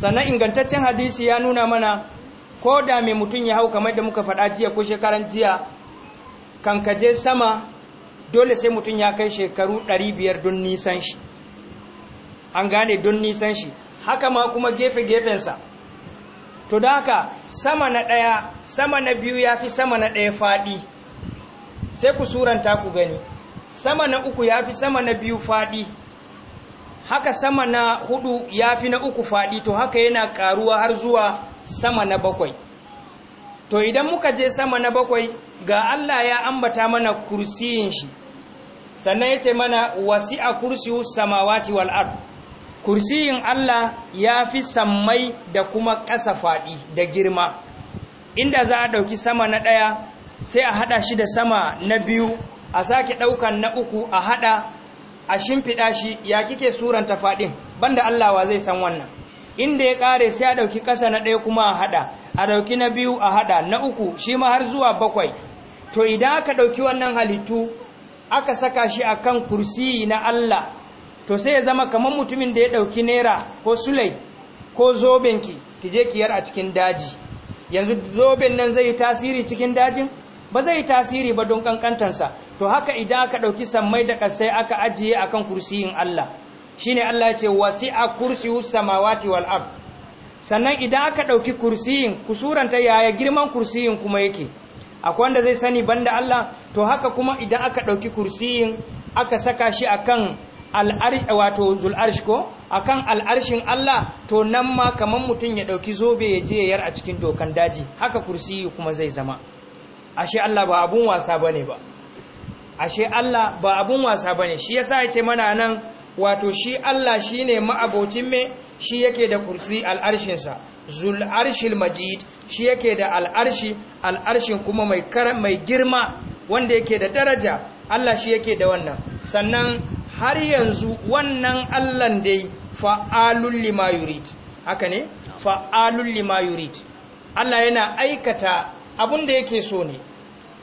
sannan ingantaccen hadisi ya nuna mana ko da mai mutum ya hau kamar da muka faɗa jiya ko shekaran jiya kankaje sama dole sai mutum ya kai shekaru 500 don nisan shi an gane don nisan shi haka ma kuma gefe-gefensa to da haka sama na ɗaya sama na biyu ya fi sama na ɗaya faɗi sai ku suranta ku gani sama na uku ya fi sama na biyu faɗi haka sama na hudu ya fi na uku faɗi to haka yana ƙaruwa har zuwa sama na bakwai to idan muka je sama na bakwai ga Allah ya ambata mana kursiyin shi sannan ya ce mana wasi'a kursiyu samawati wal'ad kursiyin Allah ya fi sammai da kuma ƙasa faɗi da girma inda za a ɗauki sama na ɗaya sai a haɗa shi da sama na biyu a sake ɗaukan na uku a haɗa a shimfiɗa shi ya kike suranta faɗin banda Allah wa zai san wannan inda ya ƙare sai a ɗauki ƙasa na ɗaya kuma a haɗa a ɗauki na biyu a haɗa na uku shi ma har zuwa bakwai to idan aka ɗauki wannan halittu aka saka shi a kan kursi na Allah to sai ya zama kamar mutumin da ya ɗauki naira ko sulai ko zobenki ki je kiyar a cikin daji yanzu zoben nan zai yi tasiri cikin dajin ba zai tasiri ba don kankantansa to haka idan aka ɗauki sammai da ƙasai aka ajiye akan kursiyin Allah shine Allah ya ce wasi'a kursiyu samawati wal sannan idan aka ɗauki kursiyin kusuranta yaya girman kursiyin kuma yake akwai wanda zai sani banda Allah to haka kuma idan aka ɗauki kursiyin aka saka shi akan al'arsh wato zul'arsh ko akan al'arshin Allah to nan ma kamar mutum ya ɗauki zobe ya je yar a cikin dokan daji haka kursiyi kuma zai zama ashe Allah ba abun wasa bane ba ashe Allah ba abun wasa bane shi yasa yace mana nan wato shi Allah shine ma'abocin me shi yake da kursi al'arshin sa zul arshil majid shi yake da al'arshi al'arshin kuma mai mai girma wanda yake da daraja Allah shi yake da wannan sannan har yanzu wannan Allah dai fa'alul lima yurid haka ne fa'alul lima yurid Allah yana aikata Abun da yake so ne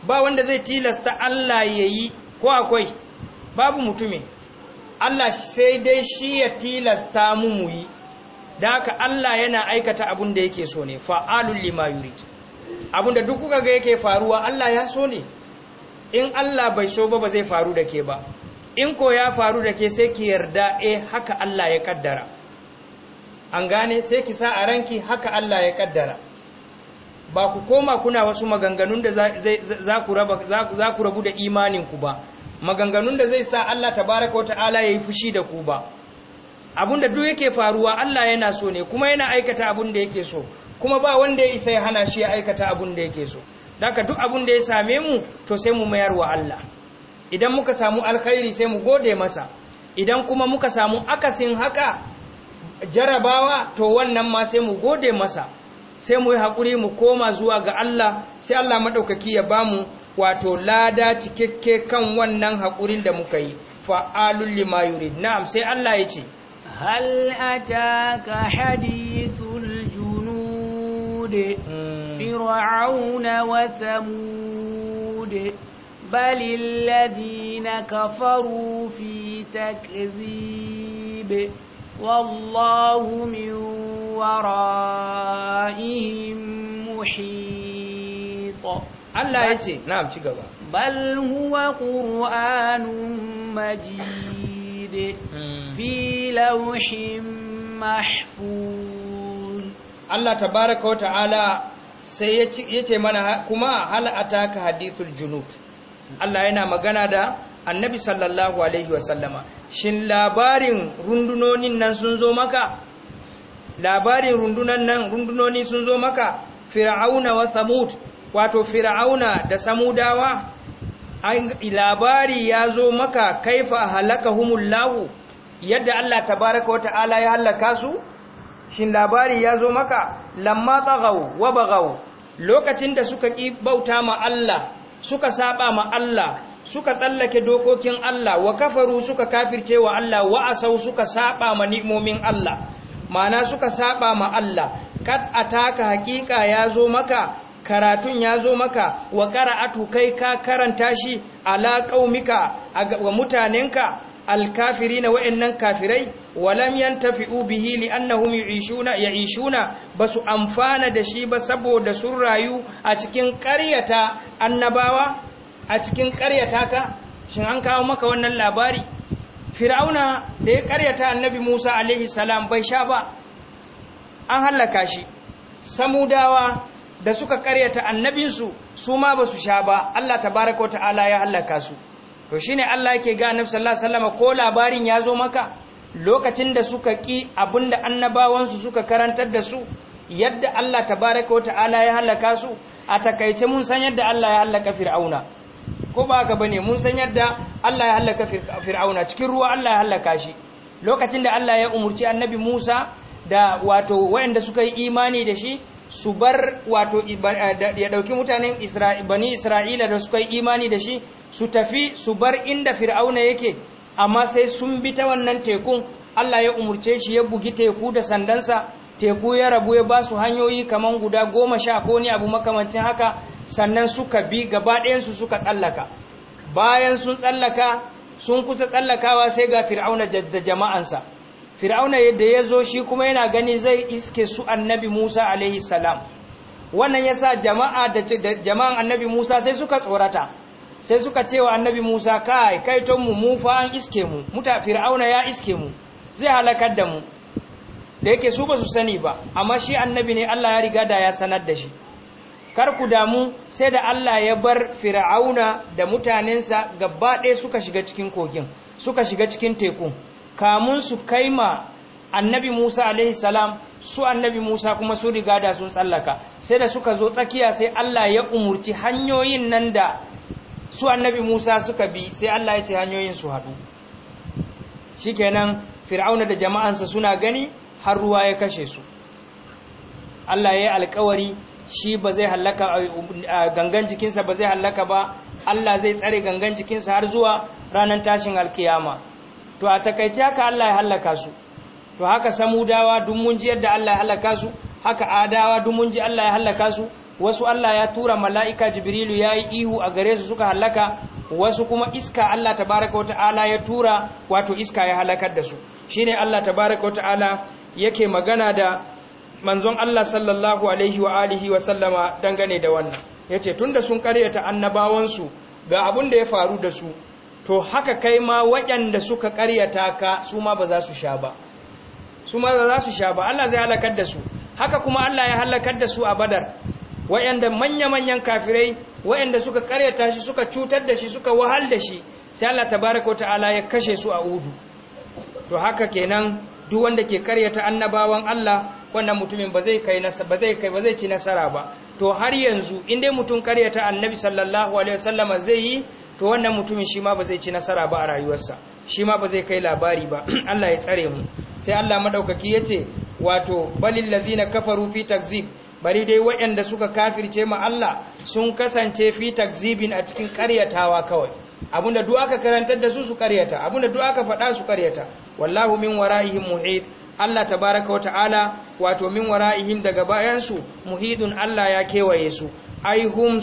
ba wanda zai tilasta Allah ya yi ko akwai babu mutumin Allah sai dai shi ya tilasta mu mu yi da haka Allah yana aikata abun da yake so ne fa'alul lima yurid abin da duk kuka ga yake faruwa Allah ya so ne in Allah bai so ba ba zai faru da ke ba in ko ya faru da ke sai ki yarda eh haka Allah ya kaddara an gane sai ki sa a ranki haka Allah ya kaddara ba ku koma kuna wasu maganganun da za ku rabu da imaninku ba maganganun da zai sa Allah tabaraka wa ta'ala ya yi fushi da ku ba da duk yake faruwa Allah yana so ne kuma yana aikata abin da yake so kuma ba wanda ya isa ya hana shi ya aikata abin da yake so daga duk abun da ya same mu to sai mu mayar wa Allah idan muka samu alkhairi sai mu gode masa idan kuma muka samu akasin haka jarabawa to wannan ma sai mu gode masa sai mu yi haƙuri mu koma zuwa ga Allah sai Allah maɗaukaki ya ba mu wato lada cikakke kan wannan haƙurin da muka yi fa'alun lima na'am sai Allah ya ce hal ataka hadithul junud hmm. fir'auna wa thamud bal alladhina kafaru fi takdhib والله من ورائهم محيط الله يجي نعم تجيبا بل هو قرآن مجيد في لوح محفوظ الله تبارك وتعالى sai ya ce mana kuma hal ataka hadithul junud Allah yana magana da annabi sallallahu alaihi wasallama shin labarin rundunonin nan sun zo maka labarin rundunan nan rundunoni sun zo maka fir'auna wa samud wato fir'auna da samudawa labari ya zo maka kaifa halakahumullahu yadda Allah tabaraka wa ta'ala ya halaka su shin labari ya zo maka lamma tagaw wa bagaw lokacin da suka ki bauta ma Allah suka saba ma Allah suka tsallake dokokin Allah wa kafaru suka kafirce wa Allah wa asau suka saba ma ni'momin Allah ma'ana suka saba ma Allah kat ataka hakika ya zo maka karatun ya zo maka wa qara'atu kai ka karanta shi ala qaumika wa mutanenka alkafirina wa'annan kafirai walam yantafi'u bihi li'annahum yu'ishuna ya'ishuna basu amfana da shi ba saboda sun rayu a cikin ƙaryata annabawa a cikin ƙaryata ka shin an kawo maka wannan labari fir'auna da ya ƙaryata annabi musa alaihi salam bai sha ba an hallaka shi samudawa da suka ƙaryata annabinsu su ma ba su sha ba allah tabaraka ta'ala ya hallaka su to shi ne allah yake ga annabi sallallahu alaihi wasallam ko labarin ya zo maka lokacin da suka ƙi abinda annabawansu suka karantar da su yadda allah tabaraka ta'ala ya hallaka su a takaice mun san yadda allah ya hallaka fir'auna ko ba ka bane mun san yadda Allah ya halaka fir'auna cikin ruwa Allah ya halaka shi lokacin da Allah ya umurci annabi Musa da wato wayanda suka yi imani da shi su bar wato eh, ya dauki mutanen bani Isra'ila da suka yi imani da shi su tafi su bar inda fir'auna yake amma sai sun bi ta wannan tekun Allah ya umurce shi ya bugi teku da sandansa teku ya rabu ya ba su hanyoyi kaman guda goma sha ko ni abu makamancin haka sannan suka bi gaba ɗayansu suka tsallaka bayan sun tsallaka sun kusa tsallakawa sai ga fir'auna da jama'ansa fir'auna yadda ya zo shi kuma yana gani zai iske su annabi musa alaihi salam wannan ya sa jama'a da jama'an annabi musa sai suka tsorata sai suka cewa annabi musa kai kaitonmu mu fa an iske mu muta fir'auna ya iske mu zai halakar da mu da yake su ba su sani ba amma shi annabi ne Allah ya riga da ya sanar da shi kar ku damu sai da Allah ya bar fir'auna da mutanensa gaba ɗaya suka shiga cikin kogin suka shiga cikin teku kamun su kaima annabi Musa alaihi salam su annabi Musa kuma su riga da sun tsallaka sai da suka zo tsakiya sai Allah ya umurci hanyoyin nan da su annabi Musa suka bi sai Allah ya ce hanyoyin su haɗu shikenan fir'auna da jama'ansa suna gani har ruwa ya kashe su Allah ya yi alkawari shi ba zai hallaka gangan jikinsa ba zai hallaka ba Allah zai tsare gangan jikinsa har zuwa ranar tashin alkiyama to a takaici haka Allah ya hallaka su to haka samudawa duk mun ji yadda Allah ya hallaka su haka adawa duk mun ji Allah ya hallaka su wasu Allah ya tura mala'ika jibrilu ya yi ihu a gare su suka hallaka wasu kuma iska Allah tabaraka wata'ala ya tura wato iska ya halakar da su shine Allah tabaraka wata'ala yake magana da manzon Allah sallallahu alaihi wa alihi wa sallama dangane da wannan yace tunda sun karyata annabawansu ga abin da ya faru da su to haka kai ma waɗanda suka karyata ka su ma ba za su sha ba su ma ba za su sha ba Allah zai halakar da su haka kuma Allah ya halakar da su a badar waɗanda manya-manyan kafirai waɗanda suka karyata shi suka cutar da shi suka wahal da shi sai Allah tabaraka wa ta'ala ya kashe su a udu to haka kenan duk wanda ke karyata annabawan Allah wannan mutumin ba zai kai ba zai kai ba zai ci nasara ba to har yanzu in dai mutum karyata annabi sallallahu alaihi wasallam zai yi to wannan mutumin shi ma ba zai ci nasara ba a rayuwarsa shi ma ba zai kai labari ba Allah ya tsare mu sai Allah madaukaki yace wato balil ladzina kafaru fi takzib bari dai waɗanda suka kafirce mu Allah sun kasance fi takzibin a cikin karyatawa kawai abinda duk aka karantar da su su karyata abinda duk aka faɗa su karyata wallahu min wara'ihim muhit Allah tabaraka wa ta'ala wato min wara'ihim daga bayan su muhidun Allah ya kewaye su ai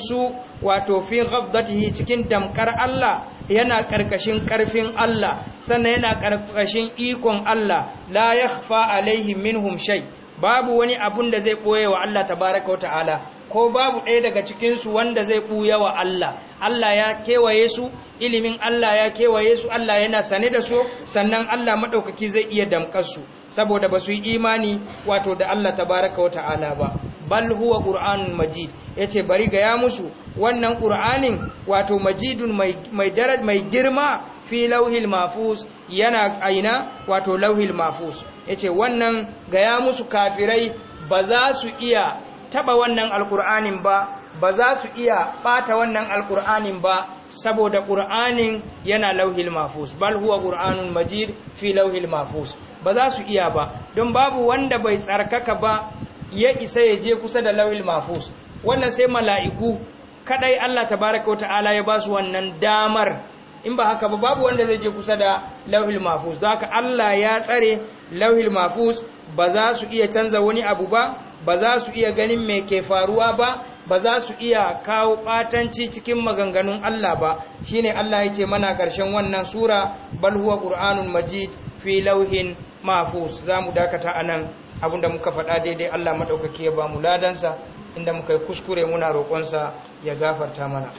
su wato fi ghadatihi cikin damkar Allah yana karkashin karfin Allah sannan yana karkashin ikon Allah la yakhfa alaihim minhum shay babu wani abun da zai boye wa Allah tabaraka wa ta'ala ko babu ɗaya daga cikinsu wanda zai ɓuya wa Allah Allah ya kewaye su ilimin Allah ya kewaye su Allah yana sane da su sannan Allah maɗaukaki zai iya damƙar saboda ba su yi imani wato da Allah Ta tabaraka wata'ala ba bal huwa qur'anun majid yace bari ga musu wannan qur'anin wato majidun mai mai daraj mai girma fi lauhil mafus yana aina wato lauhil mafus yace wannan gaya musu kafirai ba za su iya taba wannan alkur'anin ba ba za su iya bata wannan alkur'anin ba saboda qur'anin yana lauhil mahfuz bal huwa qur'anun majid fi lauhil mahfuz ba za su iya ba don babu wanda bai tsarkaka ba ya isa ya je kusa da lauhil mahfuz wannan sai mala'iku kadai Allah tabaaraka ta'ala ya basu wannan damar in ba haka ba babu wanda zai je kusa da lauhil mahfuz don haka Allah ya tsare lauhil mahfuz ba za su iya canza wani abu ba ba za su iya ganin me ke faruwa ba ba za su iya kawo ɓatanci cikin maganganun Allah ba shi ne Allah ya ce mana ƙarshen wannan sura bal huwa qur'anun majid fi lauhin mahfuz za mu dakata anan abinda muka faɗa daidai Allah maɗaukaki ya ba mu ladansa inda muka yi kuskure muna roƙonsa ya gafarta mana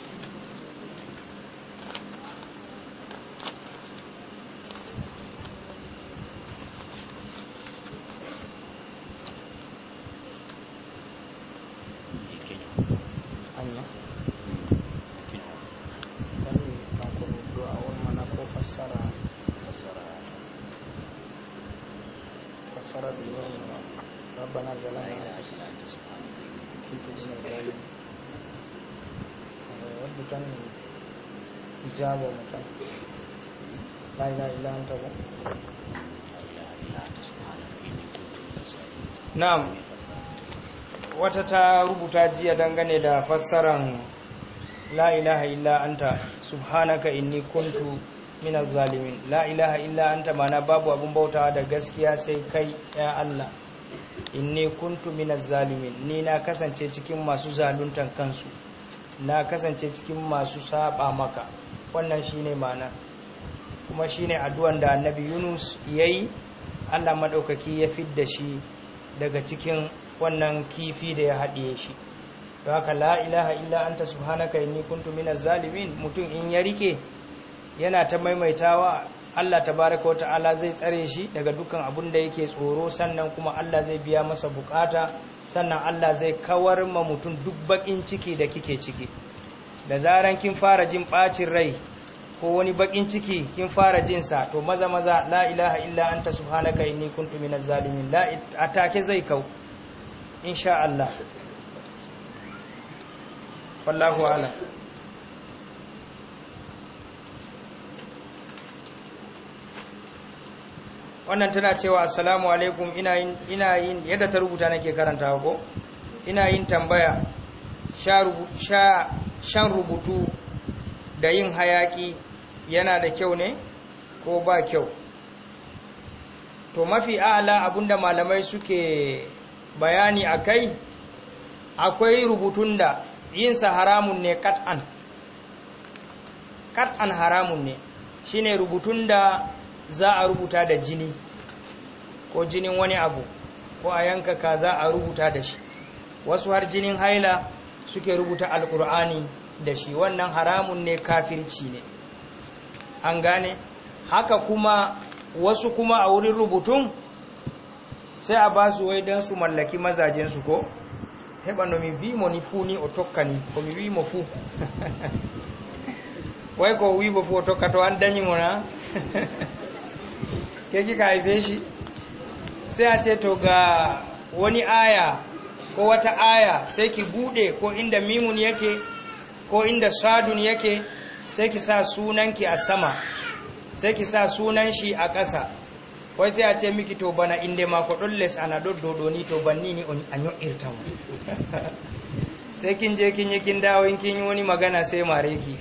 na'am wata ta rubuta jiya dangane da fassaran la ilaha illa anta subhanaka inni kuntu minaz zalimin la ilaha illa anta mana babu abun bautawa da gaskiya sai kai ya Allah inni kuntu minaz zalimin ni na kasance cikin masu zaluntan kansu na kasance cikin masu saba maka wannan shine mana kuma shine addu'an da annabi Yunus yayi Allah madaukaki ya fidda shi daga cikin wannan kifi da ya haɗiye shi don haka la ilaha illa anta subhanaka ni kuntu minaz zalimin mutum in ya rike yana ta maimaitawa Allah ta baraka wata ala zai tsare shi daga dukkan abun da yake tsoro sannan kuma Allah zai biya masa bukata sannan Allah zai kawar ma mutum duk bakin ciki da kike ciki da zaran kin fara jin bacin rai ko wani bakin ciki kin fara jin sa to maza maza la ilaha illa anta subhanaka inni kuntu minaz zalimin la atake zai kau insha Allah wallahu ala wannan tana cewa assalamu alaikum ina yin ina yin yadda ta rubuta nake karanta ko ina yin tambaya sha shan rubutu da yin hayaki yana da kyau ne ko ba kyau to mafi ala abinda malamai suke bayani a kai akwai rubutun da yinsa haramun ne kat'an kat'an haramun ne shine rubutun da za a rubuta da jini ko jinin wani abu ko a yanka ka za a rubuta da shi wasu har jinin haila suke rubuta alkur'ani da shi wannan haramun ne kafirci ne an gane haka kuma wasu kuma a wurin rubutun sai a ba su wai don su mallaki mazajensu ko heɓa no mi mo ni fu ni o ni ko mi wimo fu wai ko wimo fu o to an danyi dañimo na keji ka haife shi sai a ce to ga wani aya ko wata aya sai ki buɗe ko inda mimun yake ko inda sadun yake sai ki sa sunanki a sama sai ki sa sunan shi a ƙasa wai sai a ce miki to bana inda mako dolles ana doddodo ni to banni ni an yi sai kin je kin yi kin dawo kin yi wani magana sai mare ki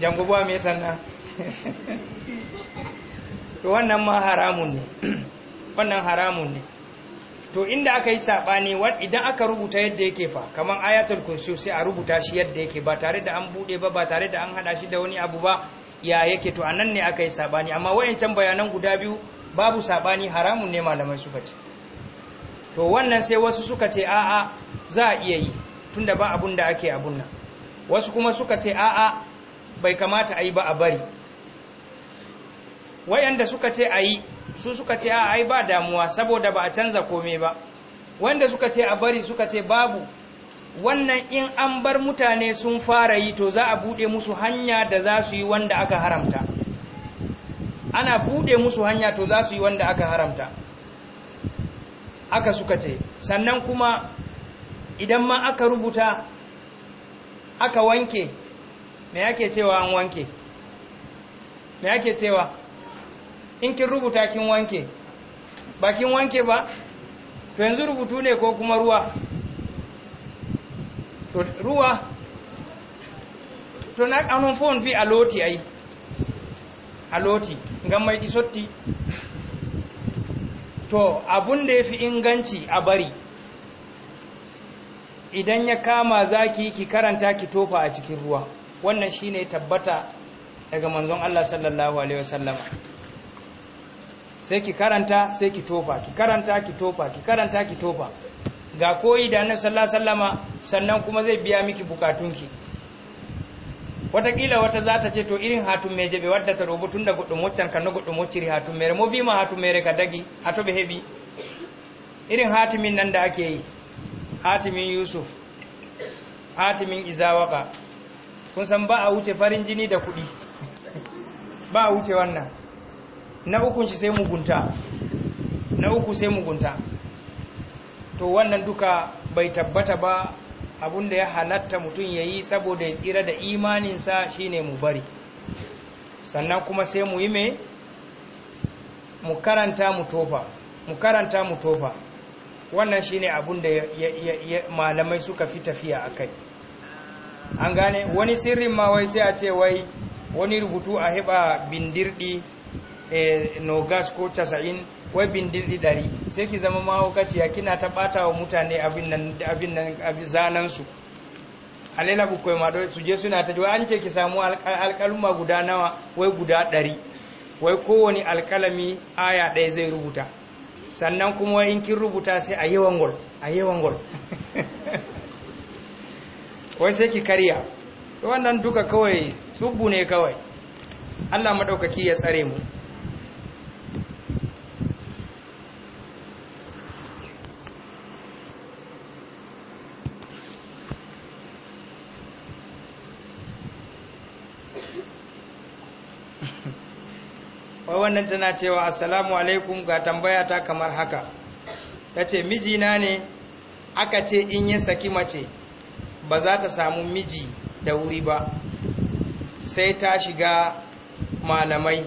jangubuwa mai tanna to wannan ma haramun ne wannan haramun ne to inda aka yi sabani idan aka rubuta yadda yake fa kaman ayatul kursi sai a rubuta shi yadda yake ba tare da an bude ba ba tare da an hada shi da wani abu ba ya yake to anan ne aka yi sabani amma wayancan bayanan guda biyu babu saɓani haramun ne malamai suka ce to wannan sai wasu suka ce a'a za a iya yi tunda ba abun da ake abun nan wasu kuma suka ce a'a bai kamata a yi ba a bari wayanda suka ce a yi su suka ce a ai ba damuwa saboda ba a canza komai ba wanda suka ce a bari suka ce babu wannan in an bar mutane sun fara yi to za a bude musu hanya da za su yi wanda aka haramta ana bude musu hanya to za su yi wanda aka haramta aka suka ce sannan kuma idan ma aka rubuta aka wanke me yake cewa an wanke me yake cewa in kin rubuta kin wanke ba kin wanke ba to yanzu rubutu ne ko kuma ruwa to ruwa to na anon fon fi aloti ai aloti ngam mai isotti to abun da yafi inganci a bari idan ya kama zaki ki karanta ki tofa a cikin ruwa wannan shine tabbata daga manzon Allah sallallahu alaihi wasallama sai ki karanta sai ki tofa ki karanta ki tofa ki karanta ki tofa ga koyi da annabi sallallahu alaihi wasallama sannan kuma zai biya miki bukatunki watakila wata za ta ce to irin hatun mai jabe wadda ta rubu tun da gudun waccan kan na gudun wacciri hatun mere mo bi ma hatun mere ka dagi hato be hebi irin hatimin nan da ake yi hatimin yusuf hatimin izawaka kun san ba a wuce farin jini da kuɗi ba a wuce wannan na uku shi sai mugunta na uku sai mugunta to wannan duka bai tabbata ba abinda ya halatta mutum ya yi saboda ya tsira da imaninsa shine mu bari sannan kuma sai mu yi mai mu karanta mu tofa mu karanta mu tofa wannan shine abun da malamai suka fi tafiya a kai an gane wani sirrin ma wai sai a ce wai wani rubutu a heɓa bindirɗi. Eh, nogas ko casa'in wai bindin ɗari sai ki zama mahaukaciya kina ta ɓata wa mutane abin nan abin nan bukwai ma su je suna ta wai an ce ki samu alƙaluma guda nawa wai guda ɗari wai kowane alƙalami aya ɗaya zai rubuta sannan kuma wai in kin rubuta sai a yawan gol a yawan gol wai sai ki karya wannan duka kawai tsubbu ne kawai Allah maɗaukaki ya tsare mu wai wannan tana cewa assalamu alaikum ga tambaya ta kamar haka ta ce mijina ne aka ce in yi saki mace ba za ta samu miji da wuri ba sai ta shiga malamai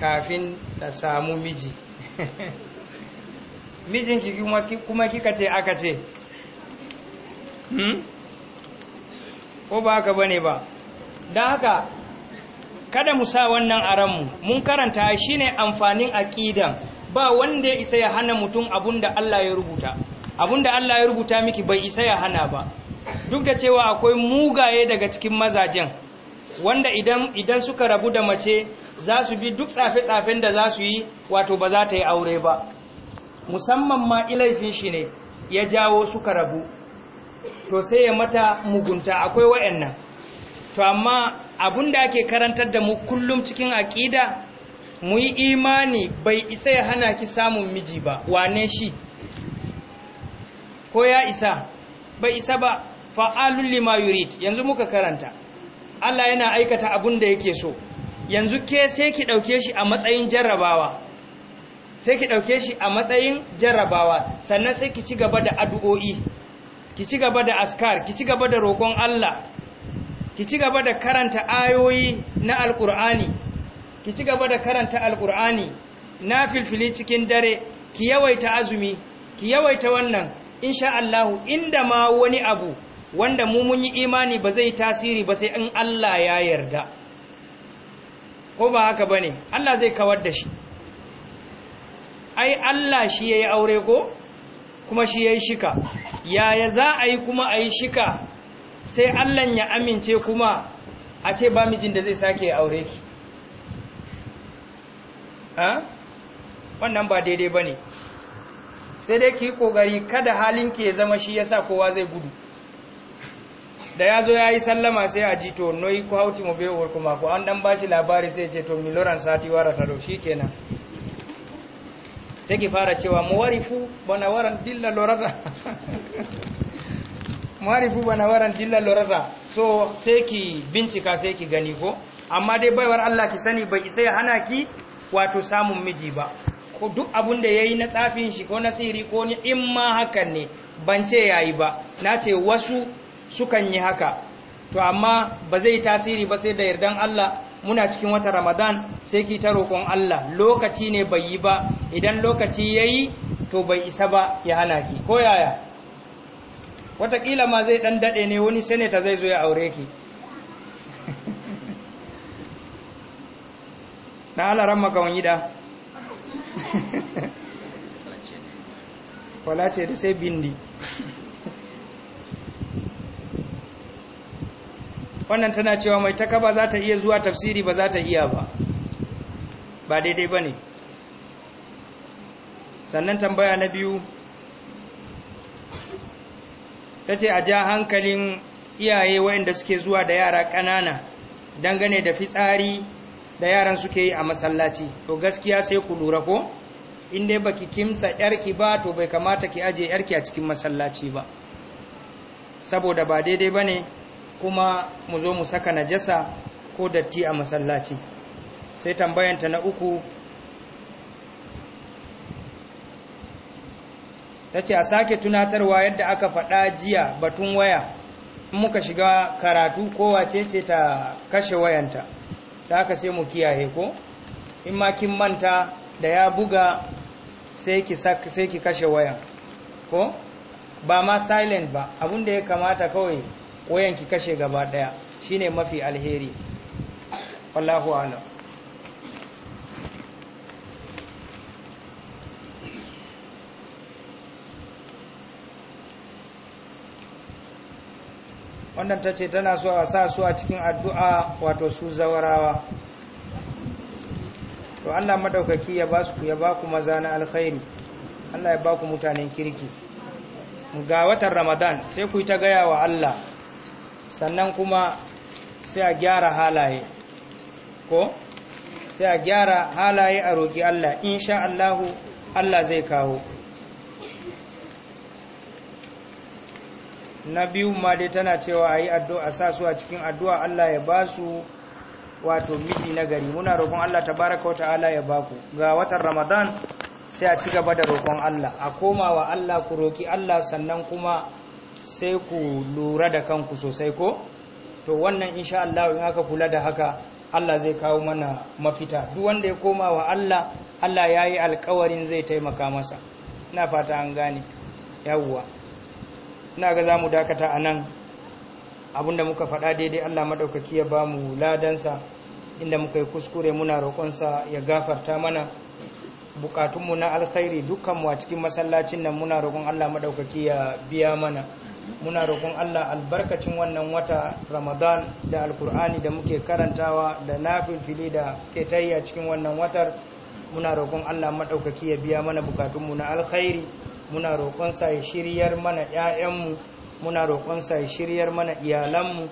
kafin ta samu miji mijinki kuma kika ce aka ce hmm? ko ba haka bane ba don haka kada mu sa wannan a mu, mun karanta shi ne amfanin aƙidan ba wanda ya isa ya hana mutum abun da Allah ya rubuta abun da Allah ya rubuta miki bai isa ya hana ba duk da cewa akwai mugaye daga cikin mazajen wanda idan idan suka rabu da mace za su bi duk tsafe-tsafen da za su yi wato ba za ta yi aure ba musamman ma ilaifin shi ne ya jawo suka rabu to sai ya mata mugunta akwai wayannan to amma abun da ake karantar da mu kullum cikin aƙida mu yi imani bai isa ya hana ki samun miji ba wane shi ko ya isa bai isa ba fa'alun lima yurid yanzu muka karanta Allah yana aikata abun da yake so yanzu ke sai ki ɗauke shi a matsayin jarrabawa sai ki ɗauke shi a matsayin jarrabawa sannan sai ki ci gaba da addu'o'i ki ci gaba da askar ki ci gaba da roƙon Allah ki ci gaba da karanta ayoyi na alkur'ani ki ci gaba da karanta alkur'ani na filfili cikin dare ki yawaita azumi ki yawaita wannan insha Allah inda ma wani abu wanda mu mun yi imani ba zai tasiri ba sai in Allah ya yarda ko ba haka bane Allah zai kawar da shi ai Allah shi yayi aure ko kuma shi yayi shika yaya za a yi kuma a yi shika sai Allah ya amince kuma a ce ba mijin da zai sake aure ki wannan ba daidai bane sai dai ki ƙoƙari kada halin ki ya zama shi yasa kowa zai gudu da yazo yayi sallama sai a ji to noyi ku hauti mu bai uwar kuma ko an dan ba shi labari sai ce to miloran sati wara ta shi kenan sai ki fara cewa mu warifu bana waran dilla lorata marifu bana waran dilla lorata so sai ki bincika sai ki gani ko amma dai baiwar Allah ki sani bai sai hana ki wato samun miji ba ko duk abun da yayi na tsafin shi ko na siri ko ni in ma hakan ne ban ce yayi ba na ce wasu sukan yi haka to amma ba zai tasiri ba sai da yardan Allah muna cikin wata Ramadan sai ki ta roƙon Allah lokaci ne bai yi ba idan lokaci yayi to bai isa ba ya hana ki ko yaya watakila ma zai dan dade ne wani senator zai zo ya aure ki na alaran wani da wala ce da sai bindi wannan tana cewa mai takaba za ta iya zuwa tafsiri ba za ta iya ba ba daidai ba ne sannan tambaya na biyu ta ce a ja hankalin iyaye wayanda suke zuwa da yara ƙanana dangane da fitsari da yaran suke yi a masallaci to gaskiya sai ku lura ko in dai baki kimsa yarki ba to bai kamata ki aje yarki a cikin masallaci ba saboda ba daidai bane kuma mu zo mu saka najasa ko datti a masallaci sai tambayanta na uku ta ce a sake tunatarwa yadda aka faɗa jiya batun waya in muka shiga karatu kowace ce ta kashe wayanta ta haka sai mu kiyaye ko in ma kin manta da ya buga sai ki ki kashe wayan ko ba ma silent ba da ya kamata kawai wayan ki kashe gaba daya shine mafi alheri wallahu a'lam wannan ta ce tana so a sa su a cikin addu'a wato su zawarawa to Allah maɗaukaki ya ba su ya ba ku maza na alkhairi Allah ya ba ku mutanen kirki ga watan Ramadan sai ku yi ta gaya wa Allah sannan kuma sai a gyara halaye ko sai a gyara halaye a roƙi Allah in sha Allah zai kawo na biyu ma dai tana cewa a yi addu'a sa su a cikin addu'a Allah ya ba su wato miji na gari muna roƙon Allah ta baraka wata ala ya ba ku ga watan ramadan sai a ci gaba da roƙon Allah a koma wa Allah ku roƙi Allah sannan kuma sai ku lura da kanku sosai ko to wannan insha Allah in aka kula da haka Allah zai kawo mana mafita duk wanda ya koma wa Allah Allah ya yi alkawarin zai taimaka masa ina fata an gane yawwa ina ga za mu dakata a nan abinda muka faɗa daidai allah maɗaukaki ya bamu mu ladansa inda muka yi kuskure muna roƙonsa ya gafarta mana bukatunmu na alkhairi dukkanmu a cikin masallacin nan muna roƙon allah madaukaki ya biya mana muna roƙon Allah albarkacin wannan wata Ramadan da Alkur'ani da muke karantawa da na nafilfili da ke tayya cikin wannan watar muna roƙon Allah maɗaukaki ya biya mana bukatunmu na alkhairi muna roƙonsa ya shiryar mana ‘ya'yanmu muna roƙonsa ya shiryar mana iyalanmu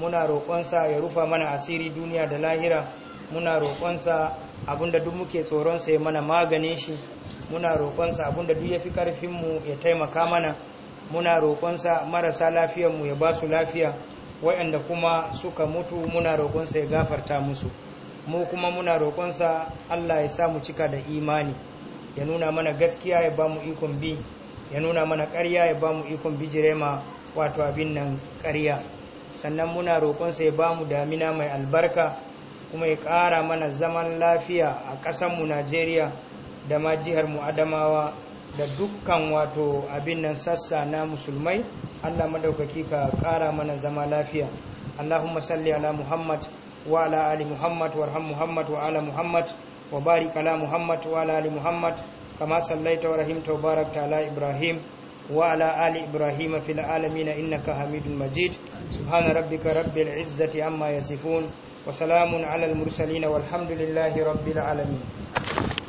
muna roƙonsa ya rufa mana asiri duniya da lahira muna roƙonsa abinda duk muke tsoronsa ya mana maganin shi muna roƙonsa abinda duk ya fi ƙarfinmu ya taimaka mana muna roƙonsa marasa lafiyarmu ya ba su lafiya waɗanda kuma suka mutu muna roƙonsa ya gafarta musu mu kuma muna roƙonsa Allah ya sa mu cika da imani ya nuna mana gaskiya ya ba mu ikon bi ya nuna mana karya ya ba mu ikon jirema wato abin nan ƙarya sannan muna roƙonsa ya ba mu damina mai albarka kuma ya ƙara mana zaman lafiya a ƙasanmu najeriya da ma jiharmu adamawa da dukkan wato abin nan sassa na musulmai allah madaukaki ka ƙara mana zama lafiya allahumma salli ala muhammad wa ala ali muhammad muhammad wa ala muhammad وبارك على محمد وعلى آل محمد كما صليت ورحمت وباركت على إبراهيم وعلى آل إبراهيم في العالمين إنك حميد مجيد سبحان ربك رب العزة عما يصفون وسلام على المرسلين والحمد لله رب العالمين